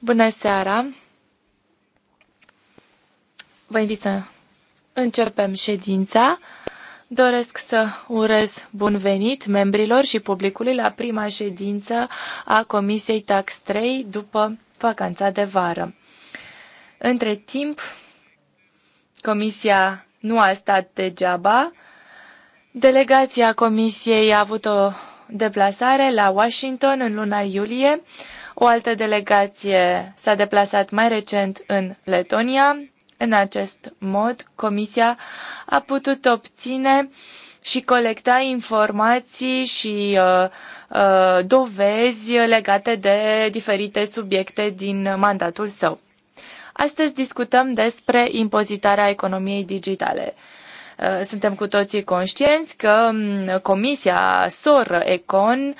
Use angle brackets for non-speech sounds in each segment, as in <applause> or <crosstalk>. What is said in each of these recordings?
Bună seara. Vă invit să începem ședința. Doresc să urez bun venit membrilor și publicului la prima ședință a Comisiei Tax 3 după vacanța de vară. Între timp, Comisia nu a stat degeaba. Delegația Comisiei a avut o deplasare la Washington în luna iulie. O altă delegație s-a deplasat mai recent în Letonia. În acest mod, Comisia a putut obține și colecta informații și uh, uh, dovezi legate de diferite subiecte din mandatul său. Astăzi discutăm despre impozitarea economiei digitale. Uh, suntem cu toții conștienți că um, Comisia SOR Econ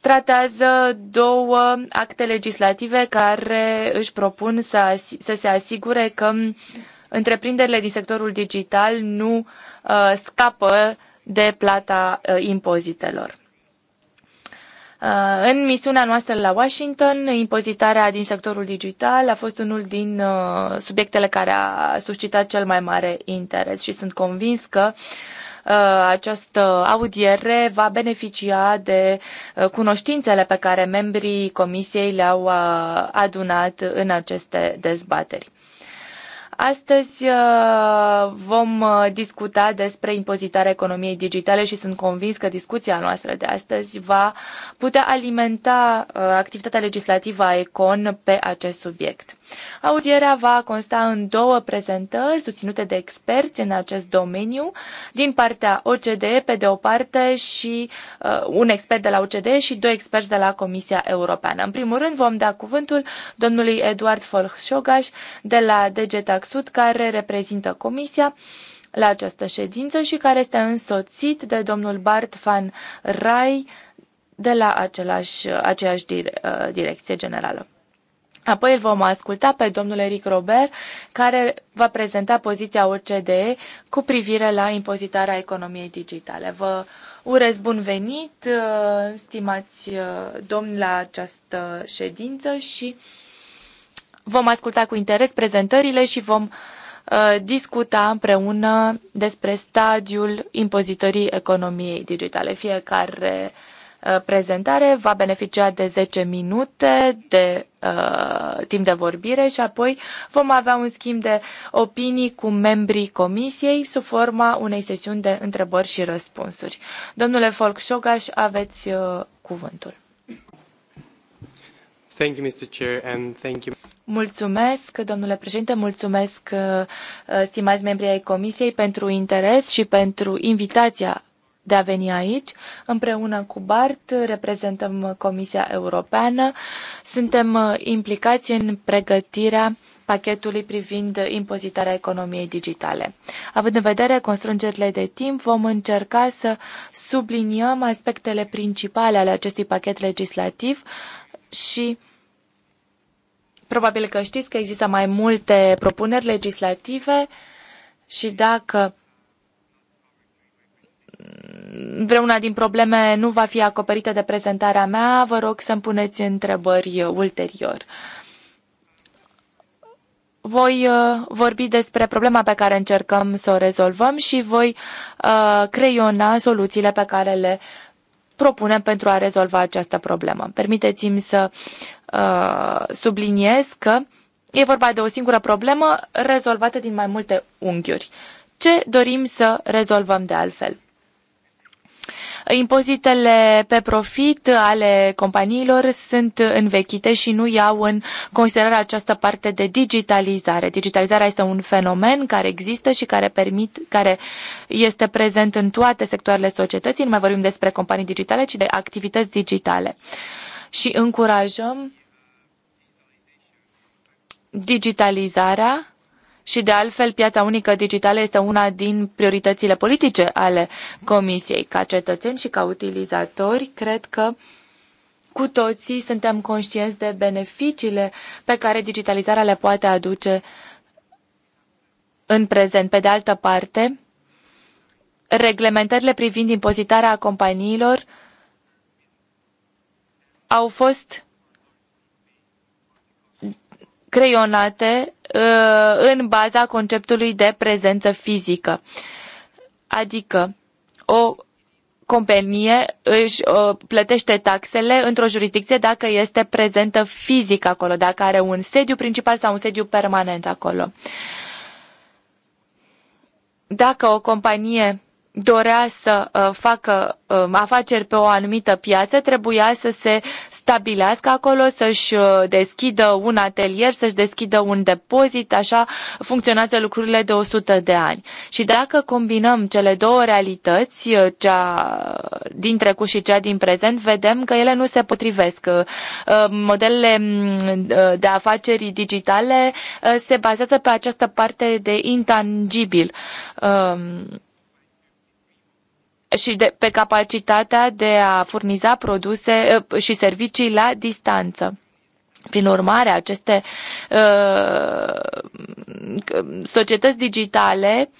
tratează două acte legislative care își propun să, să se asigure că um, întreprinderile din sectorul digital nu uh, scapă de plata uh, impozitelor. Uh, în misiunea noastră la Washington, impozitarea din sectorul digital a fost unul din uh, subiectele care a suscitat cel mai mare interes și sunt convins că uh, această audiere va beneficia de cunoștințele pe care membrii comisiei le-au adunat în aceste dezbateri. Astăzi uh, vom uh, discuta despre impozitarea economiei digitale și sunt convins că discuția noastră de astăzi va putea alimenta uh, activitatea legislativă a ECON pe acest subiect. Audierea va consta în două prezentări susținute de experți în acest domeniu, din partea OCDE pe de o parte și uh, un expert de la OCDE și doi experți de la Comisia Europeană. În primul rând vom da cuvântul domnului Eduard Folhșogaș de la DG Taxud, care reprezintă Comisia la această ședință și care este însoțit de domnul Bart van Rai de la același, aceeași uh, direcție generală. Apoi îl vom asculta pe domnul Eric Robert, care va prezenta poziția OCDE cu privire la impozitarea economiei digitale. Vă urez bun venit, uh, stimați uh, domni, la această ședință și vom asculta cu interes prezentările și vom uh, discuta împreună despre stadiul impozitării economiei digitale. Fiecare Uh, prezentare, va beneficia de 10 minute de uh, timp de vorbire și apoi vom avea un schimb de opinii cu membrii comisiei sub forma unei sesiuni de întrebări și răspunsuri. Domnule Folk Șogaș, aveți uh, cuvântul. Thank you, Mr. Chair, and thank you. Mulțumesc, domnule președinte, mulțumesc, uh, uh, stimați membri ai Comisiei, pentru interes și pentru invitația de a veni aici. Împreună cu BART reprezentăm Comisia Europeană. Suntem uh, implicați în pregătirea pachetului privind impozitarea economiei digitale. Având în vedere constrângerile de timp, vom încerca să subliniem aspectele principale ale acestui pachet legislativ și probabil că știți că există mai multe propuneri legislative și dacă vreuna din probleme nu va fi acoperită de prezentarea mea, vă rog să-mi puneți întrebări ulterior. Voi uh, vorbi despre problema pe care încercăm să o rezolvăm și voi uh, creiona soluțiile pe care le propunem pentru a rezolva această problemă. Permiteți-mi să uh, subliniez că e vorba de o singură problemă rezolvată din mai multe unghiuri. Ce dorim să rezolvăm de altfel? Impozitele pe profit ale companiilor sunt învechite și nu iau în considerare această parte de digitalizare. Digitalizarea este un fenomen care există și care, permit, care este prezent în toate sectoarele societății. Nu mai vorbim despre companii digitale, ci de activități digitale. Și încurajăm digitalizarea și de altfel piața unică digitală este una din prioritățile politice ale Comisiei. Ca cetățeni și ca utilizatori, cred că cu toții suntem conștienți de beneficiile pe care digitalizarea le poate aduce în prezent. Pe de altă parte, reglementările privind impozitarea companiilor au fost creionate uh, în baza conceptului de prezență fizică. Adică o companie își uh, plătește taxele într-o jurisdicție dacă este prezentă fizic acolo, dacă are un sediu principal sau un sediu permanent acolo. Dacă o companie dorea să uh, facă um, afaceri pe o anumită piață, trebuia să se stabilească acolo, să-și uh, deschidă un atelier, să-și deschidă un depozit, așa funcționează lucrurile de 100 de ani. Și dacă combinăm cele două realități, uh, cea din trecut și cea din prezent, vedem că ele nu se potrivesc. Modelele mm, de afaceri digitale se bazează pe această parte de intangibil um, și de, pe capacitatea de a furniza produse ă, și servicii la distanță. Prin urmare, aceste uh, societăți digitale uh,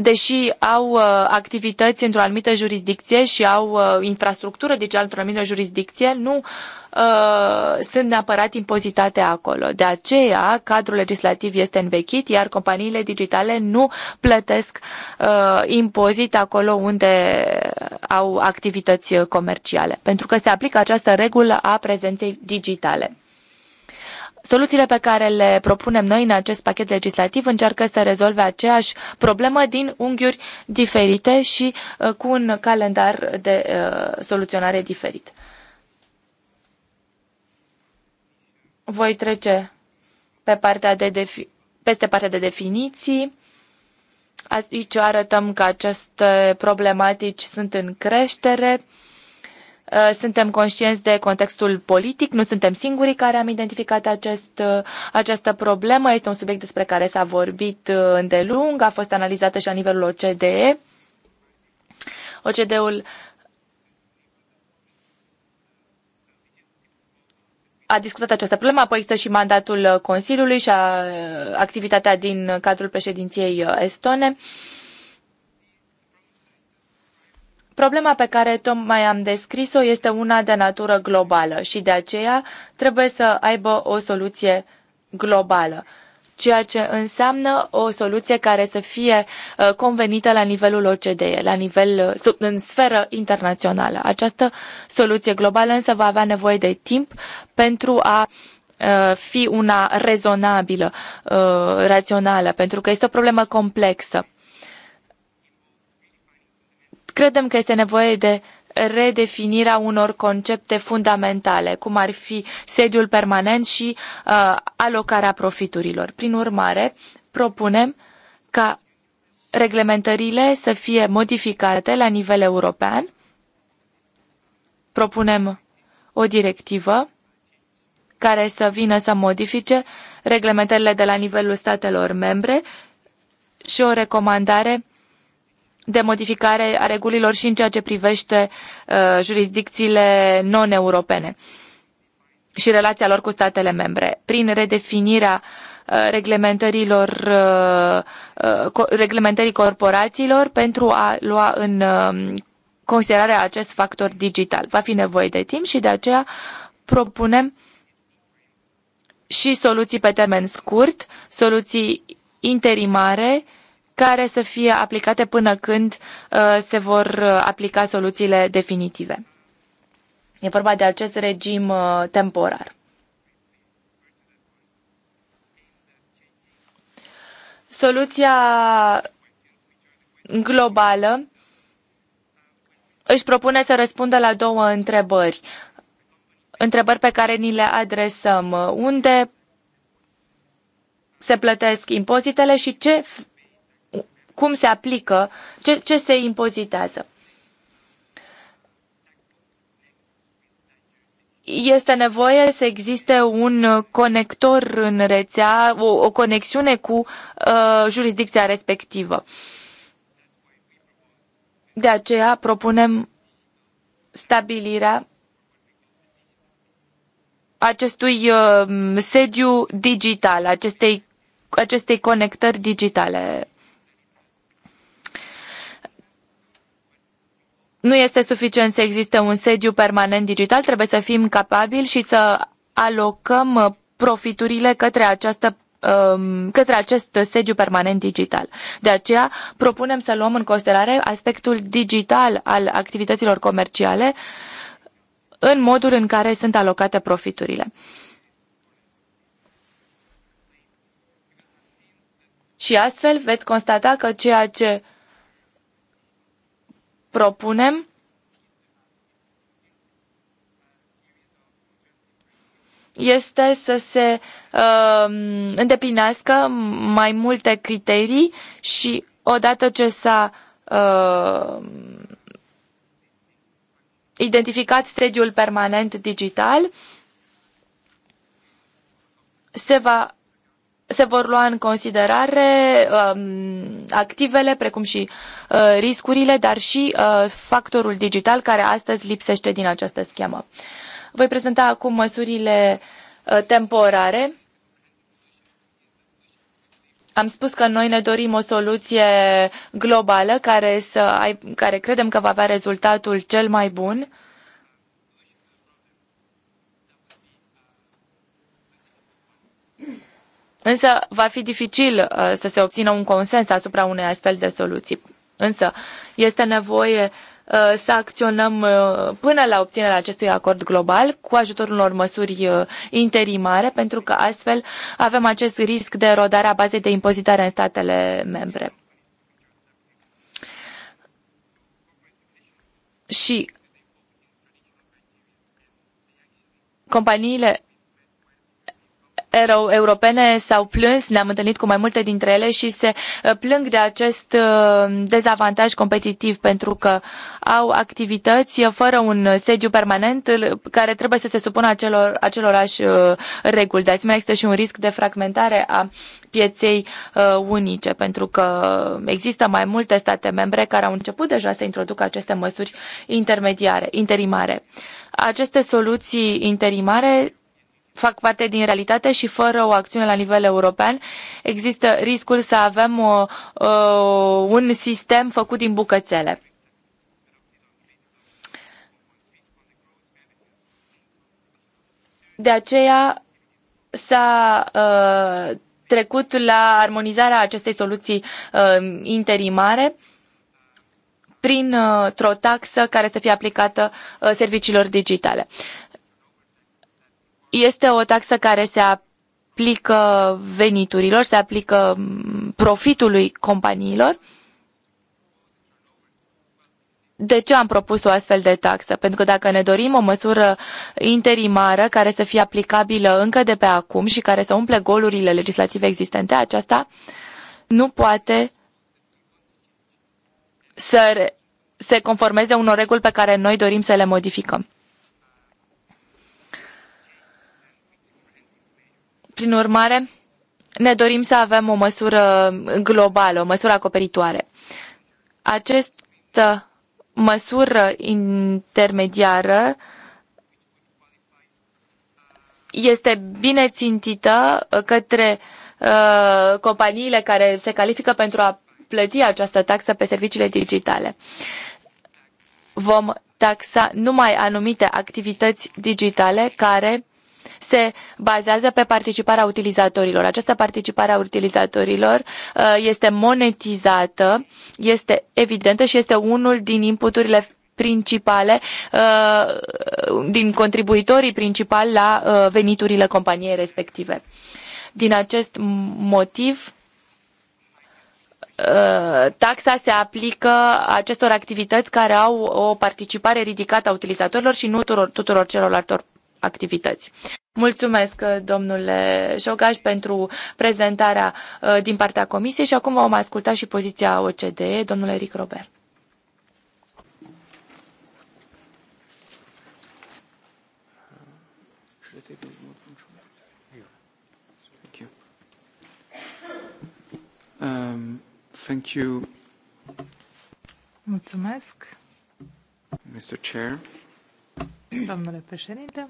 deși au uh, activități într-o anumită jurisdicție și au uh, infrastructură digitală deci într-o anumită jurisdicție, nu uh, sunt neapărat impozitate acolo. De aceea, cadrul legislativ este învechit, iar companiile digitale nu plătesc uh, impozit acolo unde au activități comerciale, pentru că se aplică această regulă a prezenței digitale. Soluțiile pe care le propunem noi în acest pachet legislativ încearcă să rezolve aceeași problemă din unghiuri diferite și uh, cu un calendar de uh, soluționare diferit. Voi trece pe partea de peste partea de definiții. Aici arătăm că aceste problematici sunt în creștere. Uh, suntem conștienți de contextul politic, nu suntem singurii care am identificat acest, uh, această problemă. Este un subiect despre care s-a vorbit uh, îndelung, a fost analizată și la nivelul OCDE. OCDE-ul a discutat această problemă, apoi există și mandatul Consiliului și a, activitatea din cadrul președinției estone. Uh, Problema pe care tocmai am descris-o este una de natură globală și de aceea trebuie să aibă o soluție globală ceea ce înseamnă o soluție care să fie uh, convenită la nivelul OCDE, la nivel, uh, în sferă internațională. Această soluție globală însă va avea nevoie de timp pentru a uh, fi una rezonabilă, rațională, pentru că este o problemă complexă. Credem că este nevoie de redefinirea unor concepte fundamentale, cum ar fi sediul permanent și uh, alocarea profiturilor. Prin urmare, propunem ca reglementările să fie modificate la nivel european. Propunem o directivă care să vină să modifice reglementările de la nivelul statelor membre și o recomandare de modificare a regulilor și în ceea ce privește uh, jurisdicțiile non-europene și relația lor cu statele membre. Prin redefinirea uh, reglementărilor, uh, uh, reglementării corporațiilor pentru a lua în um, considerare acest factor digital. Va fi nevoie de timp și de aceea propunem și soluții pe termen scurt, soluții interimare care să fie aplicate până când uh, se vor uh, aplica soluțiile definitive. E vorba de acest regim uh, temporar. Soluția globală își propune să răspundă la două întrebări. Întrebări pe care ni le adresăm. Unde se plătesc impozitele și ce cum se aplică, ce, ce se impozitează. este nevoie să existe un conector în rețea, o, o conexiune cu uh, jurisdicția respectivă. De aceea propunem stabilirea acestui uh, sediu digital, acestei, acestei conectări digitale Nu este suficient să existe un sediu permanent digital, trebuie să fim capabili și să alocăm uh, profiturile către această um, către acest sediu permanent digital. De aceea propunem să luăm în considerare aspectul digital al activităților comerciale în modul în care sunt alocate profiturile. Și astfel veți constata că ceea ce propunem este să se uh, îndeplinească mai multe criterii și odată ce s-a uh, identificat sediul permanent digital, se va se vor lua în considerare um, activele, precum și uh, riscurile, dar și uh, factorul digital care astăzi lipsește din această schemă. Voi prezenta acum măsurile uh, temporare. Am spus că noi ne dorim o soluție globală care, să ai, care credem că va avea rezultatul cel mai bun. Uh, Însă va fi dificil uh, să se obțină un consens asupra unei astfel de soluții. Însă este nevoie uh, să acționăm uh, până la obținerea acestui acord global cu ajutorul unor măsuri interimare, pentru că astfel avem acest risc de erodare a bazei de impozitare în statele membre. Și companiile europene s-au plâns, ne-am întâlnit cu mai multe dintre ele și se uh, plâng de acest uh, dezavantaj competitiv pentru că au activități uh, fără un sediu permanent care trebuie să se supună acelor, acelorași reguli. De asemenea, există și un risc de fragmentare a pieței unice pentru că există mai multe state membre care au început deja să introducă aceste măsuri intermediare, interimare. Aceste soluții interimare fac parte din realitate și fără o acțiune la nivel european există riscul să avem o, uh, o, uh, un sistem făcut din bucățele. De aceea s-a uh, trecut la armonizarea acestei soluții uh, interimare prin uh, o taxă care să fie aplicată uh, serviciilor digitale este o taxă care se aplică veniturilor, se aplică profitului companiilor. De ce am propus o astfel de taxă? Pentru că dacă ne dorim o măsură interimară care să fie aplicabilă încă de pe acum și care să umple golurile legislative existente, aceasta nu poate să se conformeze unor reguli pe care noi dorim să le modificăm. Prin urmare, ne dorim să avem o măsură globală, o măsură acoperitoare. Această măsură intermediară este bine țintită uh, către uh, companiile care se califică pentru a plăti această taxă pe serviciile digitale. Vom taxa numai anumite activități digitale care se bazează pe participarea utilizatorilor. Această participare a utilizatorilor uh, este monetizată, este evidentă și este unul din inputurile principale uh, din contribuitorii principali la uh, veniturile companiei respective. Din acest motiv, taxa se aplică acestor activități care au o participare ridicată a utilizatorilor și nu tuturor, tuturor celorlalte activități. Mulțumesc, domnule Jogaș, pentru prezentarea uh, din partea Comisiei și acum vom asculta și poziția OCDE, domnule Eric Robert. Um, thank you. Mulțumesc. Mr. Chair. Domnule președinte.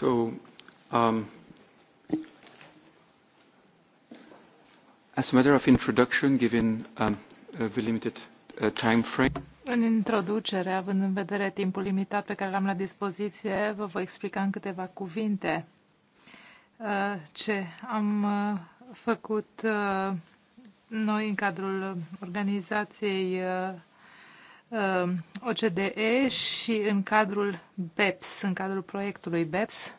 So, um, as a matter of introduction, given um, uh, the limited uh, time frame. În introducere, având în vedere timpul limitat pe care l-am la dispoziție, vă voi explica în câteva cuvinte uh, ce am uh, făcut uh, noi în cadrul organizației Ehm, OCDE și în cadrul BEPS, în cadrul proiectului BEPS,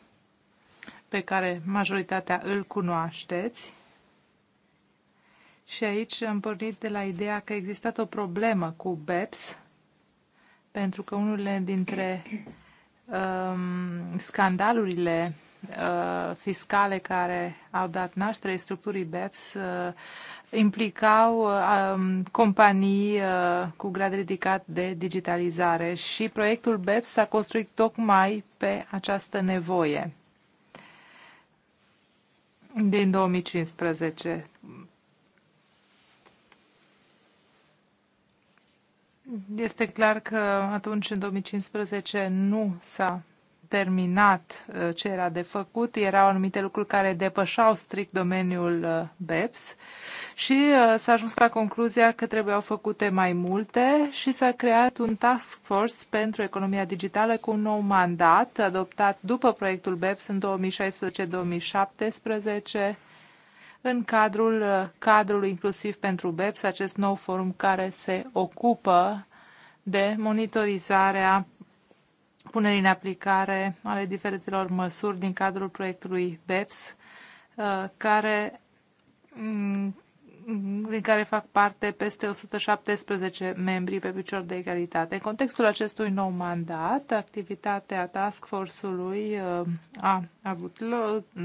pe care majoritatea îl cunoașteți. Și aici am pornit de la ideea că există existat o problemă cu BEPS, pentru că unul dintre um, scandalurile uh, fiscale care au dat naștere structurii BEPS uh, implicau uh, um, companii uh, cu grad ridicat de digitalizare și proiectul BEPS s-a construit tocmai pe această nevoie din 2015. Este clar că atunci, în 2015, nu s-a terminat uh, ce era de făcut, erau anumite lucruri care depășau strict domeniul uh, BEPS și uh, s-a ajuns la concluzia că trebuiau făcute mai multe și s-a creat un task force pentru economia digitală cu un nou mandat adoptat după proiectul BEPS în 2016-2017 în cadrul cadrului inclusiv pentru BEPS, acest nou forum care se ocupă de monitorizarea punerii în aplicare ale diferitelor măsuri din cadrul proiectului BEPS, uh, care, mm, din care fac parte peste 117 membri pe picior de egalitate. În contextul acestui nou mandat, activitatea task force-ului uh, a avut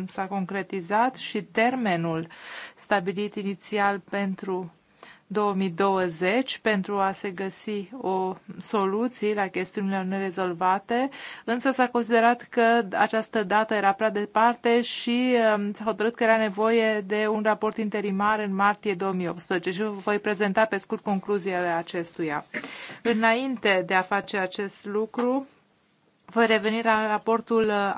s-a concretizat și termenul stabilit inițial pentru 2020 pentru a se găsi o soluție la chestiunile nerezolvate, însă s-a considerat că această dată era prea departe și um, s-a hotărât că era nevoie de un raport interimar în martie 2018 și vă voi prezenta pe scurt concluziile acestuia. Înainte de a face acest lucru, voi reveni la raportul uh,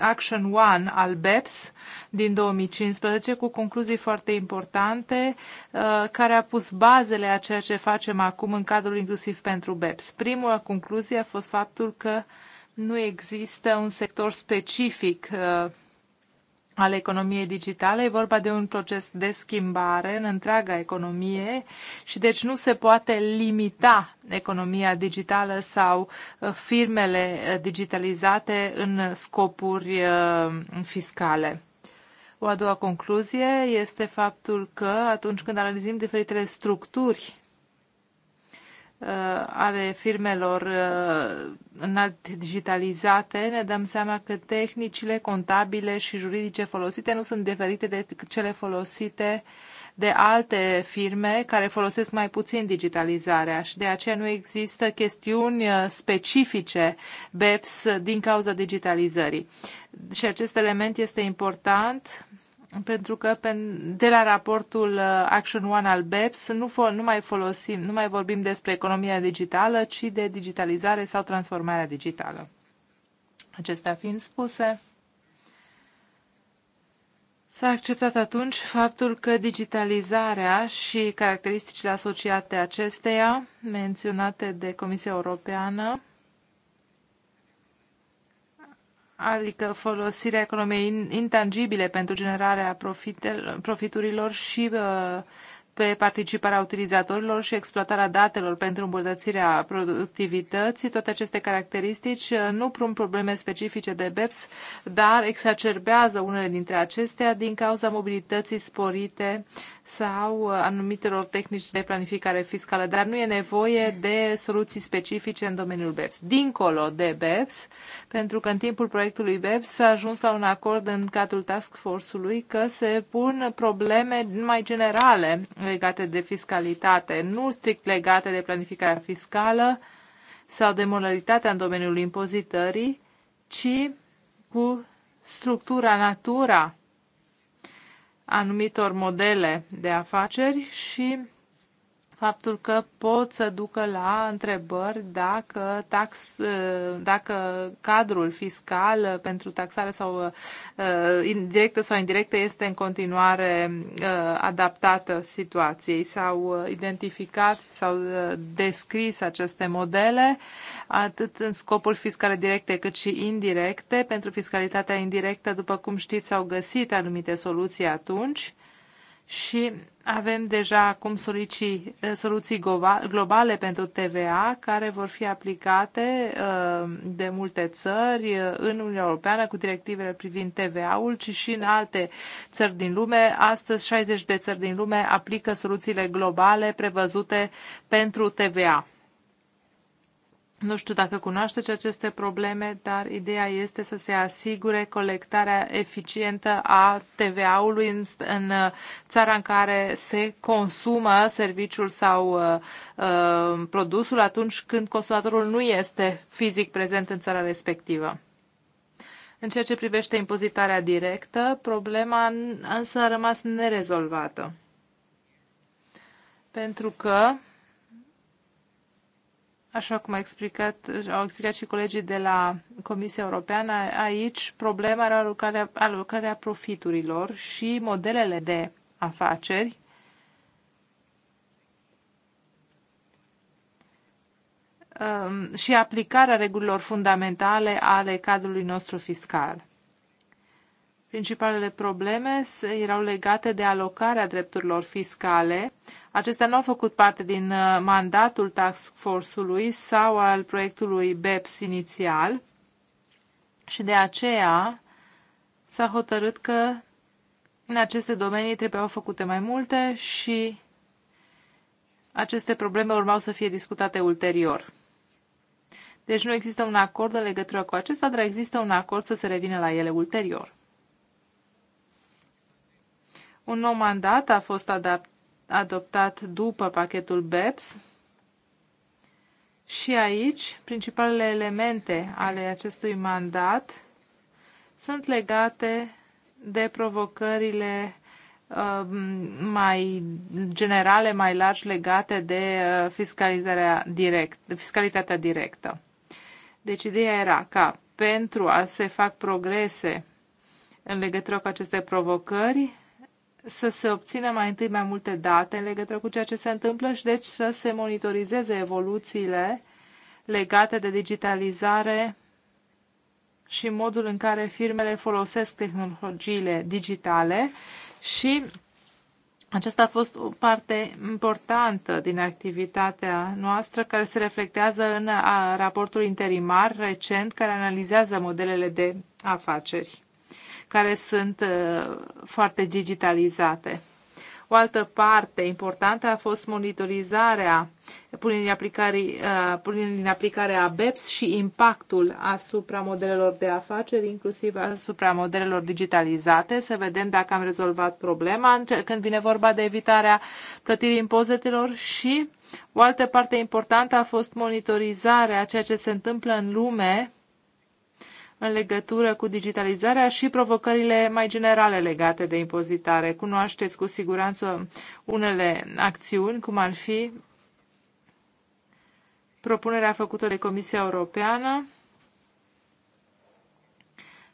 Action One al BEPS din 2015 cu concluzii foarte importante uh, care a pus bazele a ceea ce facem acum în cadrul inclusiv pentru BEPS. Primul concluzie a fost faptul că nu există un sector specific uh, al economiei digitale. E vorba de un proces de schimbare în întreaga economie și deci nu se poate limita economia digitală sau uh, firmele uh, digitalizate în scopuri uh, fiscale. O a doua concluzie este faptul că atunci când analizăm diferitele structuri Uh, ale firmelor uh, digitalizate, ne dăm seama că tehnicile contabile și juridice folosite nu sunt diferite de cele folosite de alte firme care folosesc mai puțin digitalizarea și de aceea nu există chestiuni uh, specifice BEPS din cauza digitalizării. Și acest element este important pentru că de la raportul uh, Action One al BEPS nu, nu mai folosim, nu mai vorbim despre economia digitală, ci de digitalizare sau transformarea digitală. Acestea fiind spuse, S-a acceptat atunci faptul că digitalizarea și caracteristicile asociate acesteia, menționate de Comisia Europeană, adică folosirea economiei intangibile pentru generarea profiturilor și uh, pe participarea utilizatorilor și exploatarea datelor pentru îmbunătățirea productivității. Toate aceste caracteristici uh, nu prun probleme specifice de BEPS, dar exacerbează unele dintre acestea din cauza mobilității sporite sau uh, anumitelor tehnici de planificare fiscală, dar nu e nevoie de soluții specifice în domeniul BEPS. Dincolo de BEPS, pentru că în timpul proiectului BEPS s-a ajuns la un acord în cadrul task force-ului că se pun probleme mai generale legate de fiscalitate, nu strict legate de planificarea fiscală sau de moralitatea în domeniul impozitării, ci cu structura, natura anumitor modele de afaceri și faptul că pot să ducă la întrebări dacă, tax, ă, dacă cadrul fiscal pentru taxare sau ă, directă sau indirectă este în continuare ă, adaptată situației. S-au identificat, s-au descris aceste modele atât în scopuri fiscale directe cât și indirecte. Pentru fiscalitatea indirectă, după cum știți, s-au găsit anumite soluții atunci și avem deja acum soluții, eh, soluții globale pentru TVA care vor fi aplicate eh, de multe țări eh, în Uniunea Europeană cu directivele privind TVA-ul, ci și în alte țări din lume. Astăzi 60 de țări din lume aplică soluțiile globale prevăzute pentru TVA. Nu știu dacă cunoașteți aceste probleme, dar ideea este să se asigure colectarea eficientă a TVA-ului în, în uh, țara în care se consumă serviciul sau uh, uh, produsul atunci când consumatorul nu este fizic prezent în țara respectivă. În ceea ce privește impozitarea directă, problema însă a rămas nerezolvată. Pentru că așa cum a explicat, au explicat și colegii de la Comisia Europeană, aici problema era alocarea, alocarea profiturilor și modelele de afaceri um, și aplicarea regulilor fundamentale ale cadrului nostru fiscal. Principalele probleme erau legate de alocarea drepturilor fiscale. Acestea nu au făcut parte din uh, mandatul task force-ului sau al proiectului BEPS inițial și de aceea s-a hotărât că în aceste domenii trebuiau făcute mai multe și aceste probleme urmau să fie discutate ulterior. Deci nu există un acord în legătură cu acesta, dar există un acord să se revină la ele ulterior. Un nou mandat a fost adoptat după pachetul BEPS și aici principalele elemente ale acestui mandat sunt legate de provocările uh, mai generale, mai largi legate de uh, fiscalizarea direct, de fiscalitatea directă. Deci ideea era ca pentru a se fac progrese în legătură cu aceste provocări, să se obțină mai întâi mai multe date în legătură cu ceea ce se întâmplă și deci să se monitorizeze evoluțiile legate de digitalizare și modul în care firmele folosesc tehnologiile digitale și aceasta a fost o parte importantă din activitatea noastră care se reflectează în raportul interimar recent care analizează modelele de afaceri care sunt uh, foarte digitalizate. O altă parte importantă a fost monitorizarea punerii în aplicare, uh, punerii aplicare a BEPS și impactul asupra modelelor de afaceri, inclusiv asupra modelelor digitalizate, să vedem dacă am rezolvat problema când vine vorba de evitarea plătirii impozitelor și o altă parte importantă a fost monitorizarea a ceea ce se întâmplă în lume în legătură cu digitalizarea și provocările mai generale legate de impozitare. Cunoașteți cu siguranță unele acțiuni, cum ar fi propunerea făcută de Comisia Europeană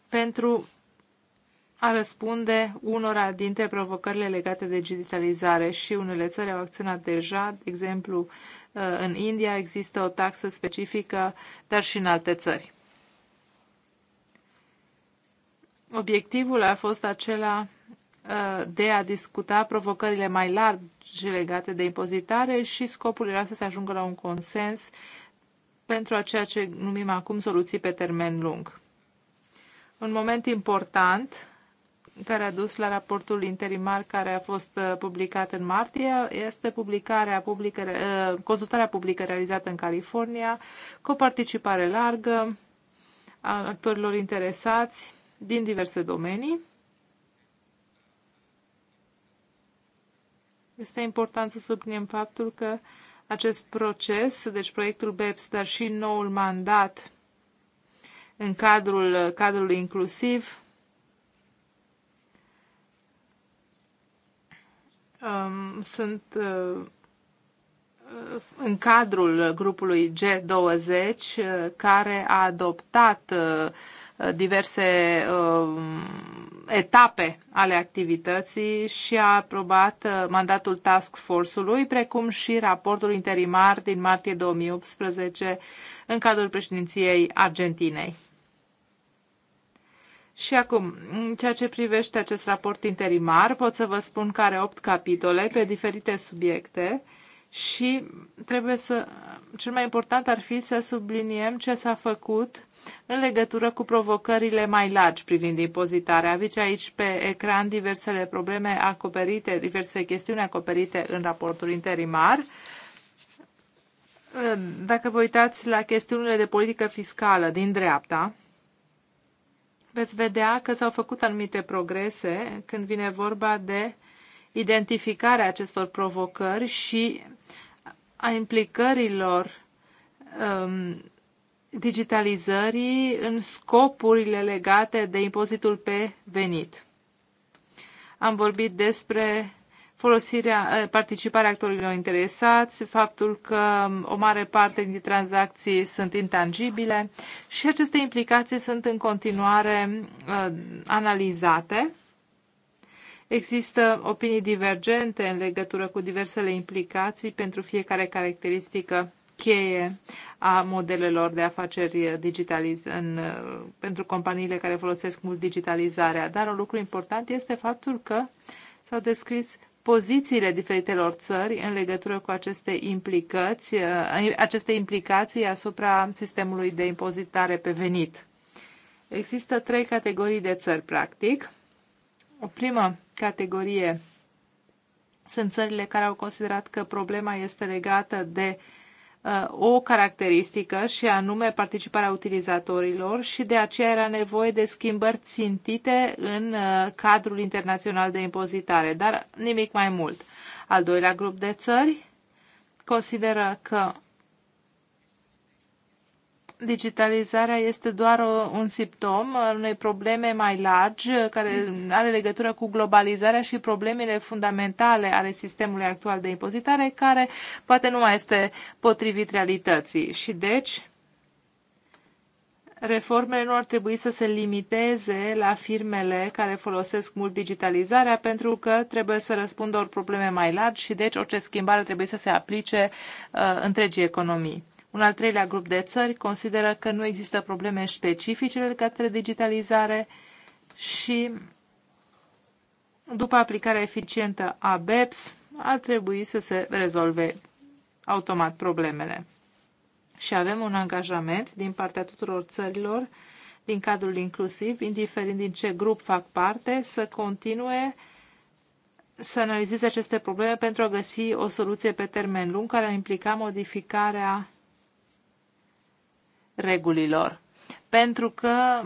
pentru a răspunde unora dintre provocările legate de digitalizare și unele țări au acționat deja, de exemplu, în India există o taxă specifică, dar și în alte țări. Obiectivul a fost acela uh, de a discuta provocările mai largi legate de impozitare și scopul era să se ajungă la un consens pentru a ceea ce numim acum soluții pe termen lung. Un moment important care a dus la raportul interimar care a fost uh, publicat în martie este publicarea publică, uh, consultarea publică realizată în California cu o participare largă a actorilor interesați din diverse domenii. Este important să subliniem faptul că acest proces, deci proiectul BEPS, dar și noul mandat în cadrul cadrului inclusiv, um, sunt uh, în cadrul grupului G20 uh, care a adoptat uh, Uh, diverse uh, etape ale activității și a aprobat uh, mandatul task force-ului, precum și raportul interimar din martie 2018 în cadrul președinției Argentinei. Și acum, în ceea ce privește acest raport interimar, pot să vă spun că are opt capitole pe diferite subiecte și trebuie să, cel mai important ar fi să subliniem ce s-a făcut în legătură cu provocările mai largi privind impozitarea. Aveți aici pe ecran diversele probleme acoperite, diverse chestiuni acoperite în raportul interimar. Dacă vă uitați la chestiunile de politică fiscală din dreapta, veți vedea că s-au făcut anumite progrese când vine vorba de identificarea acestor provocări și a implicărilor um, digitalizării în scopurile legate de impozitul pe venit. Am vorbit despre folosirea, eh, participarea actorilor interesați, faptul că um, o mare parte din tranzacții sunt intangibile și aceste implicații sunt în continuare uh, analizate Există opinii divergente în legătură cu diversele implicații pentru fiecare caracteristică cheie a modelelor de afaceri digitaliz- în, pentru companiile care folosesc mult digitalizarea. Dar un lucru important este faptul că s-au descris pozițiile diferitelor țări în legătură cu aceste implicații, aceste implicații asupra sistemului de impozitare pe venit. Există trei categorii de țări, practic. O primă categorie sunt țările care au considerat că problema este legată de uh, o caracteristică și anume participarea utilizatorilor și de aceea era nevoie de schimbări țintite în uh, cadrul internațional de impozitare, dar nimic mai mult. Al doilea grup de țări consideră că digitalizarea este doar un simptom al unei probleme mai largi uh, care are legătură cu globalizarea și problemele fundamentale ale sistemului actual de impozitare care poate nu mai este potrivit realității și deci reformele nu ar trebui să se limiteze la firmele care folosesc mult digitalizarea, pentru că trebuie să răspundă ori probleme mai largi și deci orice schimbare trebuie să se aplice uh, întregii economii. Un al treilea grup de țări consideră că nu există probleme specifice legate de digitalizare și după aplicarea eficientă a BEPS ar trebui să se rezolve automat problemele. Și avem un angajament din partea tuturor țărilor din cadrul inclusiv, indiferent din ce grup fac parte, să continue să analizeze aceste probleme pentru a găsi o soluție pe termen lung care ar implica modificarea regulilor. Pentru că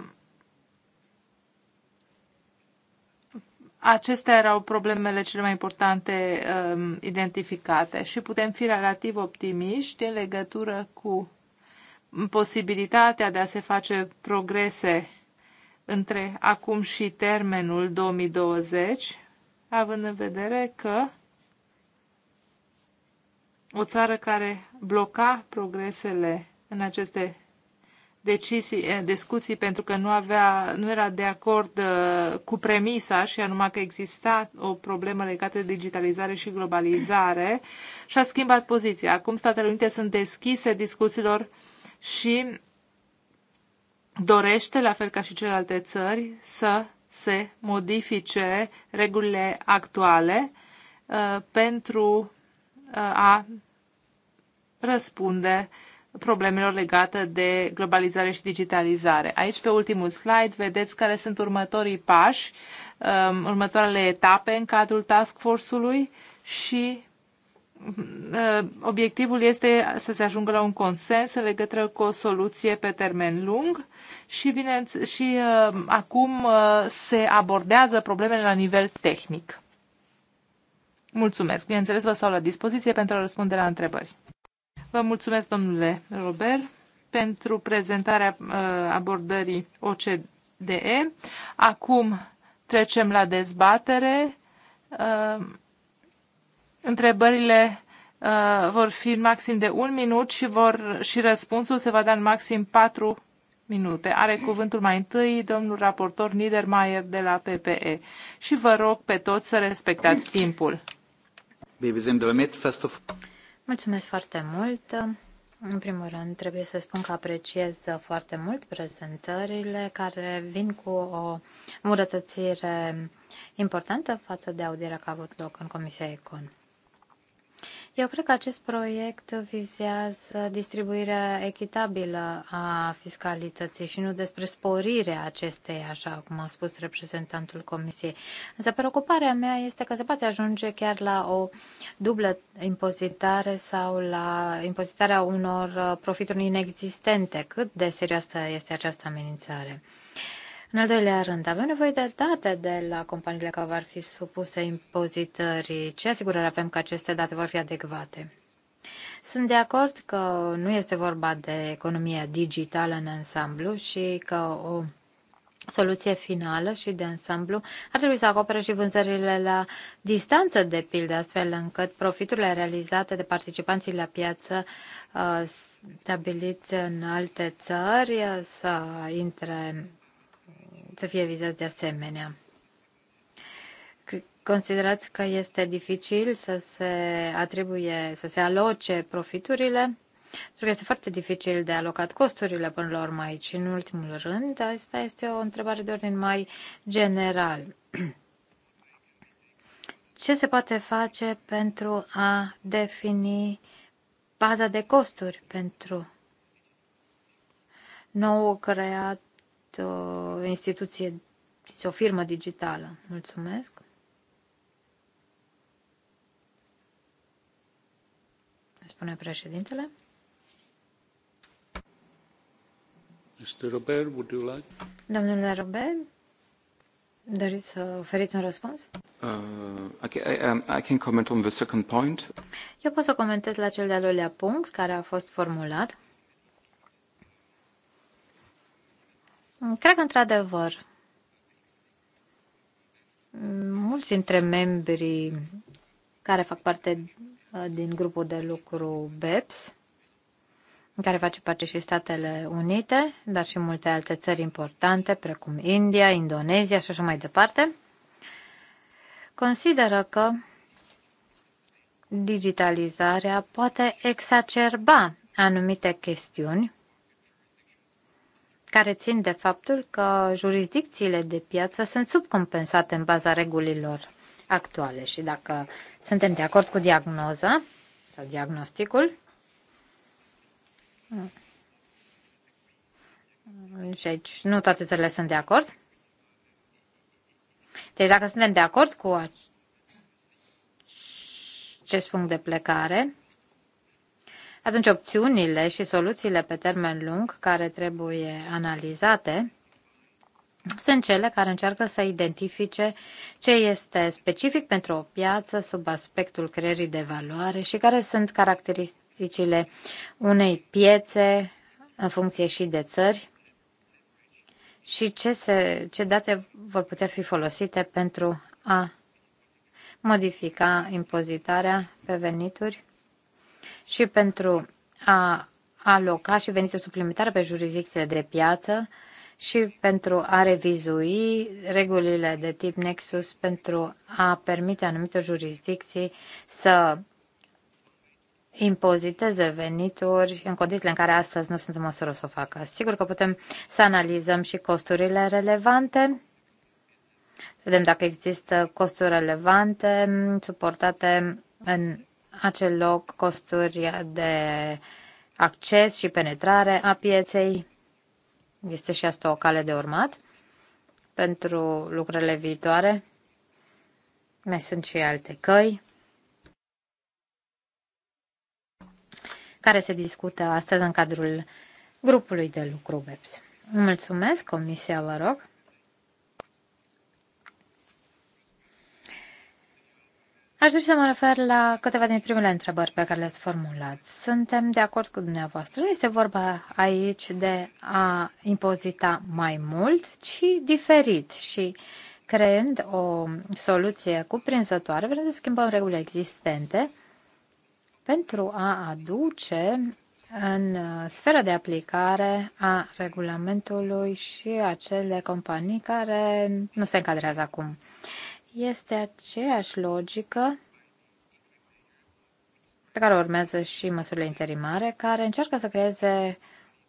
acestea erau problemele cele mai importante um, identificate și putem fi relativ optimiști în legătură cu posibilitatea de a se face progrese între acum și termenul 2020, având în vedere că o țară care bloca progresele în aceste decizii, eh, discuții pentru că nu, avea, nu era de acord eh, cu premisa și anume că exista o problemă legată de digitalizare și globalizare și a schimbat poziția. Acum Statele Unite sunt deschise discuțiilor și dorește, la fel ca și celelalte țări, să se modifice regulile actuale eh, pentru a răspunde uh, problemelor legate de globalizare și digitalizare. Aici, pe ultimul slide, vedeți care sunt următorii pași, um, următoarele etape în cadrul task force-ului și uh, obiectivul este să se ajungă la un consens în legătură cu o soluție pe termen lung și, bine, și uh, acum uh, se abordează problemele la nivel tehnic. Mulțumesc. Bineînțeles, vă stau la dispoziție pentru a răspunde la întrebări. Vă mulțumesc, domnule Robert, pentru prezentarea uh, abordării OCDE. Acum trecem la dezbatere. Uh, întrebările uh, vor fi în maxim de un minut și, vor, și răspunsul se va da în maxim patru minute. Are cuvântul mai întâi domnul raportor Niedermayer de la PPE și vă rog pe toți să respectați timpul. Bine, Mulțumesc foarte mult. În primul rând, trebuie să spun că apreciez foarte mult prezentările care vin cu o murătățire importantă față de audierea care a avut loc în Comisia Econ. Eu cred că acest proiect vizează distribuirea echitabilă a fiscalității și nu despre sporirea acesteia, așa cum a spus reprezentantul Comisiei. Însă preocuparea mea este că se poate ajunge chiar la o dublă impozitare sau la impozitarea unor profituri inexistente. Cât de serioasă este această amenințare? În al doilea rând, avem nevoie de date de la companiile care vor fi supuse impozitării. Ce asigurări avem că aceste date vor fi adecvate? Sunt de acord că nu este vorba de economia digitală în ansamblu și că o soluție finală și de ansamblu ar trebui să acopere și vânzările la distanță, de pildă, astfel încât profiturile realizate de participanții la piață uh, stabiliți în alte țări să intre să fie vizați de asemenea. Considerați că este dificil să se atribuie, să se aloce profiturile? Pentru că este foarte dificil de alocat costurile până la urmă aici. În ultimul rând, asta este o întrebare de ordin mai general. <clears throat> Ce se poate face pentru a defini baza de costuri pentru nou creat o instituție, deci o firmă digitală. Mulțumesc! Spune președintele. Mr. Robert, would you like? Domnule Robert, doriți să oferiți un răspuns? Uh, okay, I, um, I can comment on the second point. Eu pot să comentez la cel de-al doilea punct care a fost formulat. Mm, cred într-adevăr, mm, mulți dintre membrii care fac parte uh, din grupul de lucru BEPS, în care face parte și Statele Unite, dar și multe alte țări importante, precum India, Indonezia și așa mai departe, consideră că digitalizarea poate exacerba anumite chestiuni care țin de faptul că jurisdicțiile de piață sunt subcompensate în baza regulilor actuale și dacă suntem de acord cu diagnoza sau diagnosticul, și aici nu toate țările sunt de acord. Deci dacă suntem de acord cu acest punct de plecare, atunci opțiunile și soluțiile pe termen lung care trebuie analizate sunt cele care încearcă să identifice ce este specific pentru o piață sub aspectul creierii de valoare și care sunt caracteristicile unei piețe în funcție și de țări și ce, se, ce date vor putea fi folosite pentru a modifica impozitarea pe venituri și pentru a aloca și venituri suplimentare pe jurisdicțiile de piață și pentru a revizui regulile de tip Nexus pentru a permite anumite jurisdicții să impoziteze venituri în condițiile în care astăzi nu sunt în măsură să o facă. Sigur că putem să analizăm și costurile relevante, vedem dacă există costuri relevante mm, suportate în acel loc costuri de acces și penetrare a pieței. Este și asta o cale de urmat pentru lucrurile viitoare. Mai sunt și alte căi care se discută astăzi în cadrul grupului de lucru BEPS. Mulțumesc, Comisia, vă rog. Aș dori să mă refer la câteva din primele întrebări pe care le-ați formulat. Suntem de acord cu dumneavoastră. Nu este vorba aici de a impozita mai mult, ci diferit și creând o soluție cuprinzătoare, vrem să schimbăm regulile existente pentru a aduce în sfera de aplicare a regulamentului și acele companii care nu se încadrează acum este aceeași logică pe care urmează și măsurile interimare, care încearcă să creeze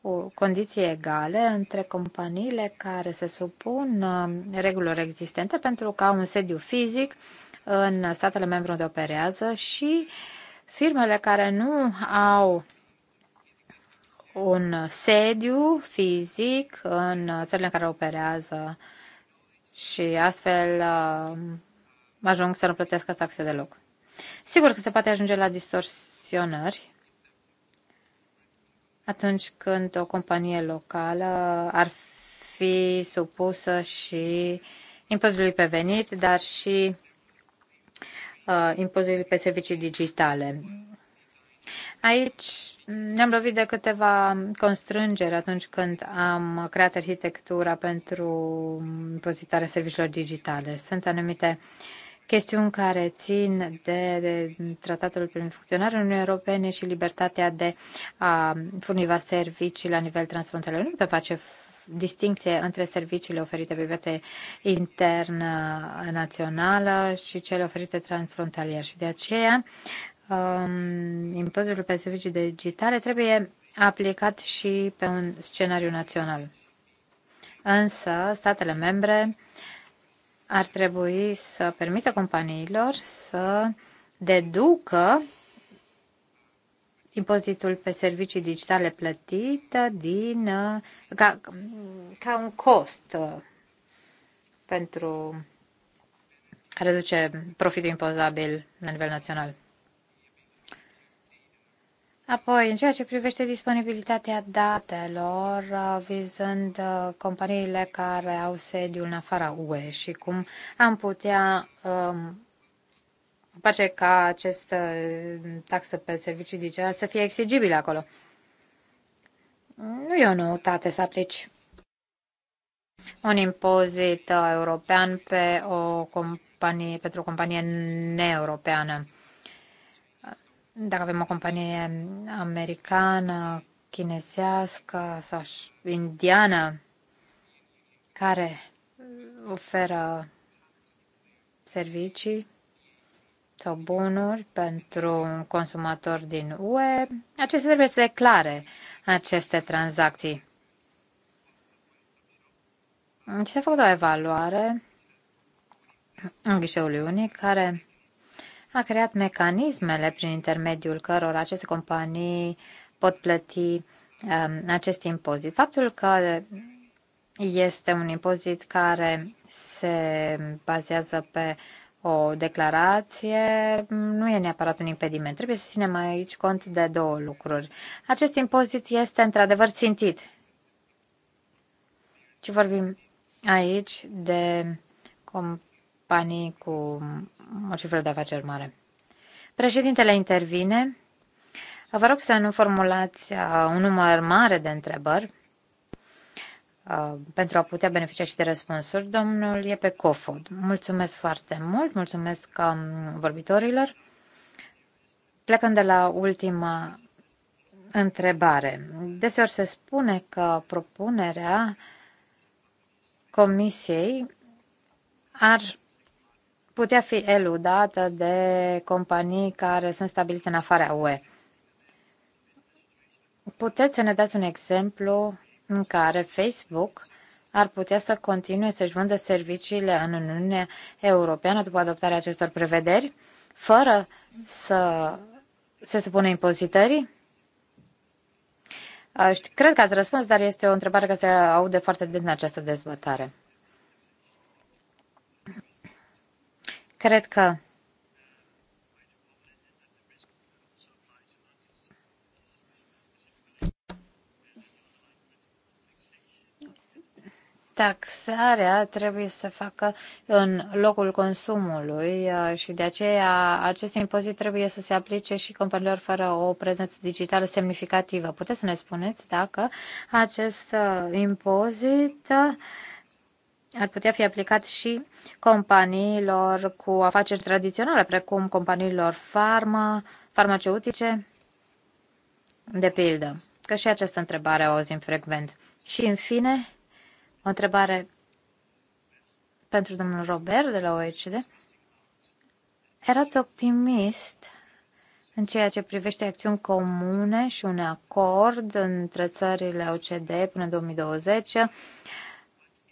o condiție egale între companiile care se supun uh, regulilor existente pentru că au un sediu fizic în statele membre unde operează și firmele care nu au un sediu fizic în țările în care operează și astfel uh, ajung să nu plătească taxe deloc. Sigur că se poate ajunge la distorsionări atunci când o companie locală ar fi supusă și impozitului pe venit, dar și uh, impozitului pe servicii digitale. Aici ne-am lovit de câteva constrângeri atunci când am creat arhitectura pentru impozitarea serviciilor digitale. Sunt anumite chestiuni care țin de, de tratatul funcționare în Uniunea Europene și libertatea de a furniva servicii la nivel transfrontalier. Nu putem face distinție între serviciile oferite pe piața internă națională și cele oferite transfrontalier. Și de aceea Um, impozitul pe servicii digitale trebuie aplicat și pe un scenariu național. Însă, statele membre ar trebui să permită companiilor să deducă impozitul pe servicii digitale plătit din, uh, ca, ca un cost uh, pentru a reduce profitul impozabil la nivel național. Apoi, în ceea ce privește disponibilitatea datelor, uh, vizând uh, companiile care au sediul în afara UE și cum am putea um, face ca această uh, taxă pe servicii digitale să fie exigibilă acolo. Nu e o noutate să aplici un impozit european pe o companie, pentru o companie neeuropeană dacă avem o companie americană, chinezească sau indiană care oferă servicii sau bunuri pentru un consumator din UE, acestea trebuie să declare aceste tranzacții. Și deci s-a făcut o evaluare în ghișeului unic care a creat mecanismele prin intermediul căror aceste companii pot plăti um, acest impozit. Faptul că este un impozit care se bazează pe o declarație nu e neapărat un impediment. Trebuie să ținem aici cont de două lucruri. Acest impozit este într-adevăr țintit. Ci vorbim aici de com- companii cu o cifră de afaceri mare. Președintele intervine. Vă rog să nu formulați uh, un număr mare de întrebări uh, pentru a putea beneficia și de răspunsuri. Domnul e pe COFOD. Mulțumesc foarte mult, mulțumesc um, vorbitorilor. Plecând de la ultima întrebare. Deseori se spune că propunerea Comisiei ar putea fi eludată de companii care sunt stabilite în afara UE. Puteți să ne dați un exemplu în care Facebook ar putea să continue să-și vândă serviciile în Uniunea Europeană după adoptarea acestor prevederi, fără să se supună impozitării? Cred că ați răspuns, dar este o întrebare care se aude foarte des în această dezbătare. Cred că taxarea trebuie să facă în locul consumului uh, și de aceea acest impozit trebuie să se aplice și companiilor fără o prezență digitală semnificativă. Puteți să ne spuneți dacă acest uh, impozit ar putea fi aplicat și companiilor cu afaceri tradiționale, precum companiilor farma, farmaceutice, de pildă. Că și această întrebare o auzim frecvent. Și, în fine, o întrebare pentru domnul Robert de la OECD. Erați optimist în ceea ce privește acțiuni comune și un acord între țările OCD până în 2020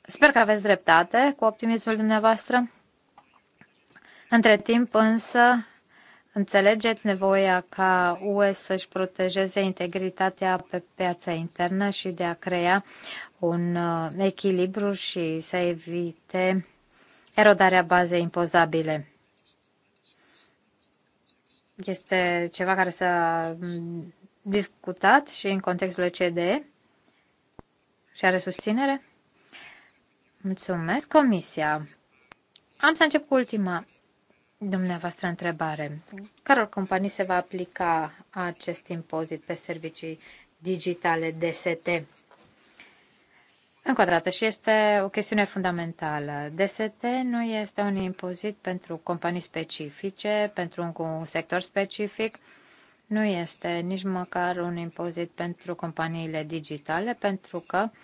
Sper că aveți dreptate cu optimismul dumneavoastră. Între timp însă înțelegeți nevoia ca UE să-și protejeze integritatea pe piața internă și de a crea un uh, echilibru și să evite erodarea bazei impozabile. Este ceva care s-a mm, discutat și în contextul CDE și are susținere? Mulțumesc, Comisia. Am să încep cu ultima dumneavoastră întrebare. Căror companii se va aplica acest impozit pe servicii digitale DST? Încă o dată, și este o chestiune fundamentală. DST nu este un impozit pentru companii specifice, pentru un sector specific, nu este nici măcar un impozit pentru companiile digitale, pentru că uh,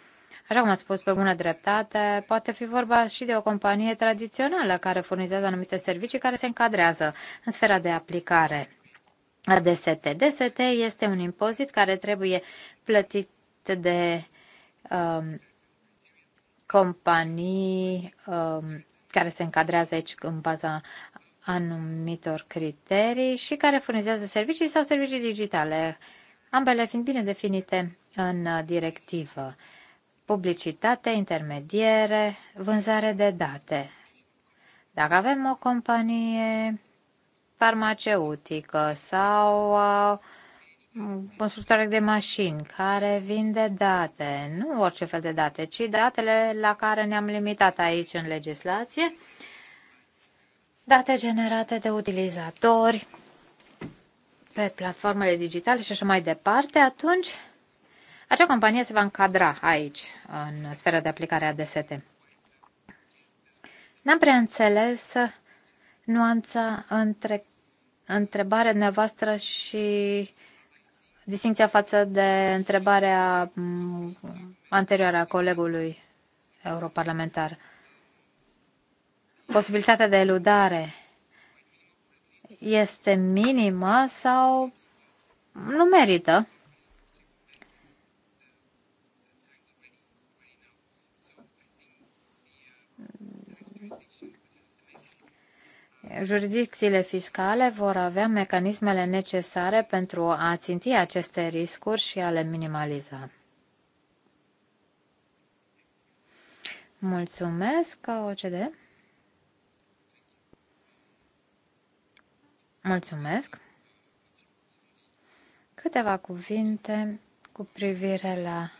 Așa cum ați spus pe bună dreptate, poate fi vorba și de o companie tradițională care furnizează anumite servicii care se încadrează în sfera de aplicare a DST. DST este un impozit care trebuie plătit de um, companii um, care se încadrează aici în baza anumitor criterii și care furnizează servicii sau servicii digitale, ambele fiind bine definite în directivă publicitate, intermediere, vânzare de date. Dacă avem o companie farmaceutică sau constructoare uh, de mașini care vinde date, nu orice fel de date, ci datele la care ne-am limitat aici în legislație, date generate de utilizatori pe platformele digitale și așa mai departe, atunci acea companie se va încadra aici, în sfera de aplicare a DST. N-am prea înțeles nuanța între întrebarea dumneavoastră și distinția față de întrebarea anterioară a colegului europarlamentar. Posibilitatea de eludare este minimă sau nu merită? Jurisdicțiile fiscale vor avea mecanismele necesare pentru a ținti aceste riscuri și a le minimaliza. Mulțumesc, OCD. Mulțumesc. Câteva cuvinte cu privire la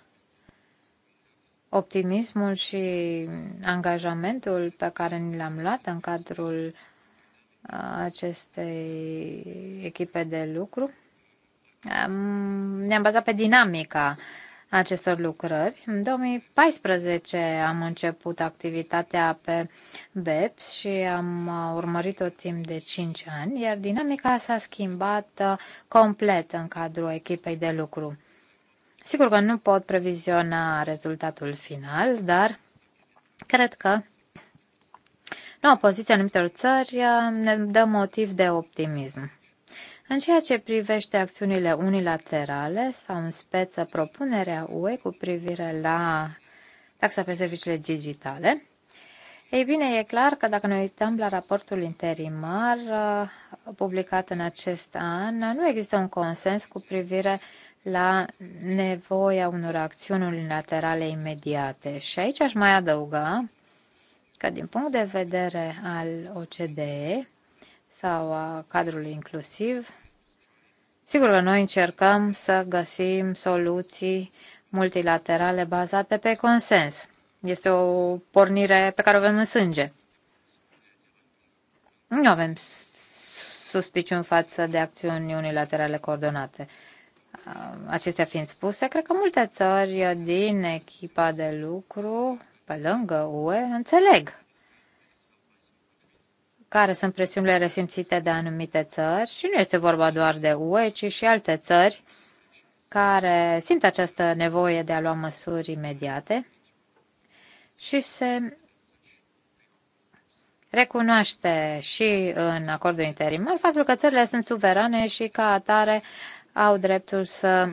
optimismul și angajamentul pe care ni l-am luat în cadrul acestei echipe de lucru. Ne-am bazat pe dinamica acestor lucrări. În 2014 am început activitatea pe BEPS și am urmărit-o timp de 5 ani, iar dinamica s-a schimbat complet în cadrul echipei de lucru. Sigur că nu pot previziona rezultatul final, dar cred că Noua poziție anumitor țări uh, ne dă motiv de optimism. În ceea ce privește acțiunile unilaterale sau în speță propunerea UE cu privire la taxa pe serviciile digitale, ei bine, e clar că dacă ne uităm la raportul interimar uh, publicat în acest an, nu există un consens cu privire la nevoia unor acțiuni unilaterale imediate. Și aici aș mai adăuga că din punct de vedere al OCDE sau a cadrului inclusiv, sigur că noi încercăm să găsim soluții multilaterale bazate pe consens. Este o pornire pe care o avem în sânge. Nu avem suspiciuni față de acțiuni unilaterale coordonate. Acestea fiind spuse, cred că multe țări din echipa de lucru pe lângă UE, înțeleg care sunt presiunile resimțite de anumite țări și nu este vorba doar de UE, ci și alte țări care simt această nevoie de a lua măsuri imediate și se recunoaște și în acordul interimar faptul că țările sunt suverane și ca atare au dreptul să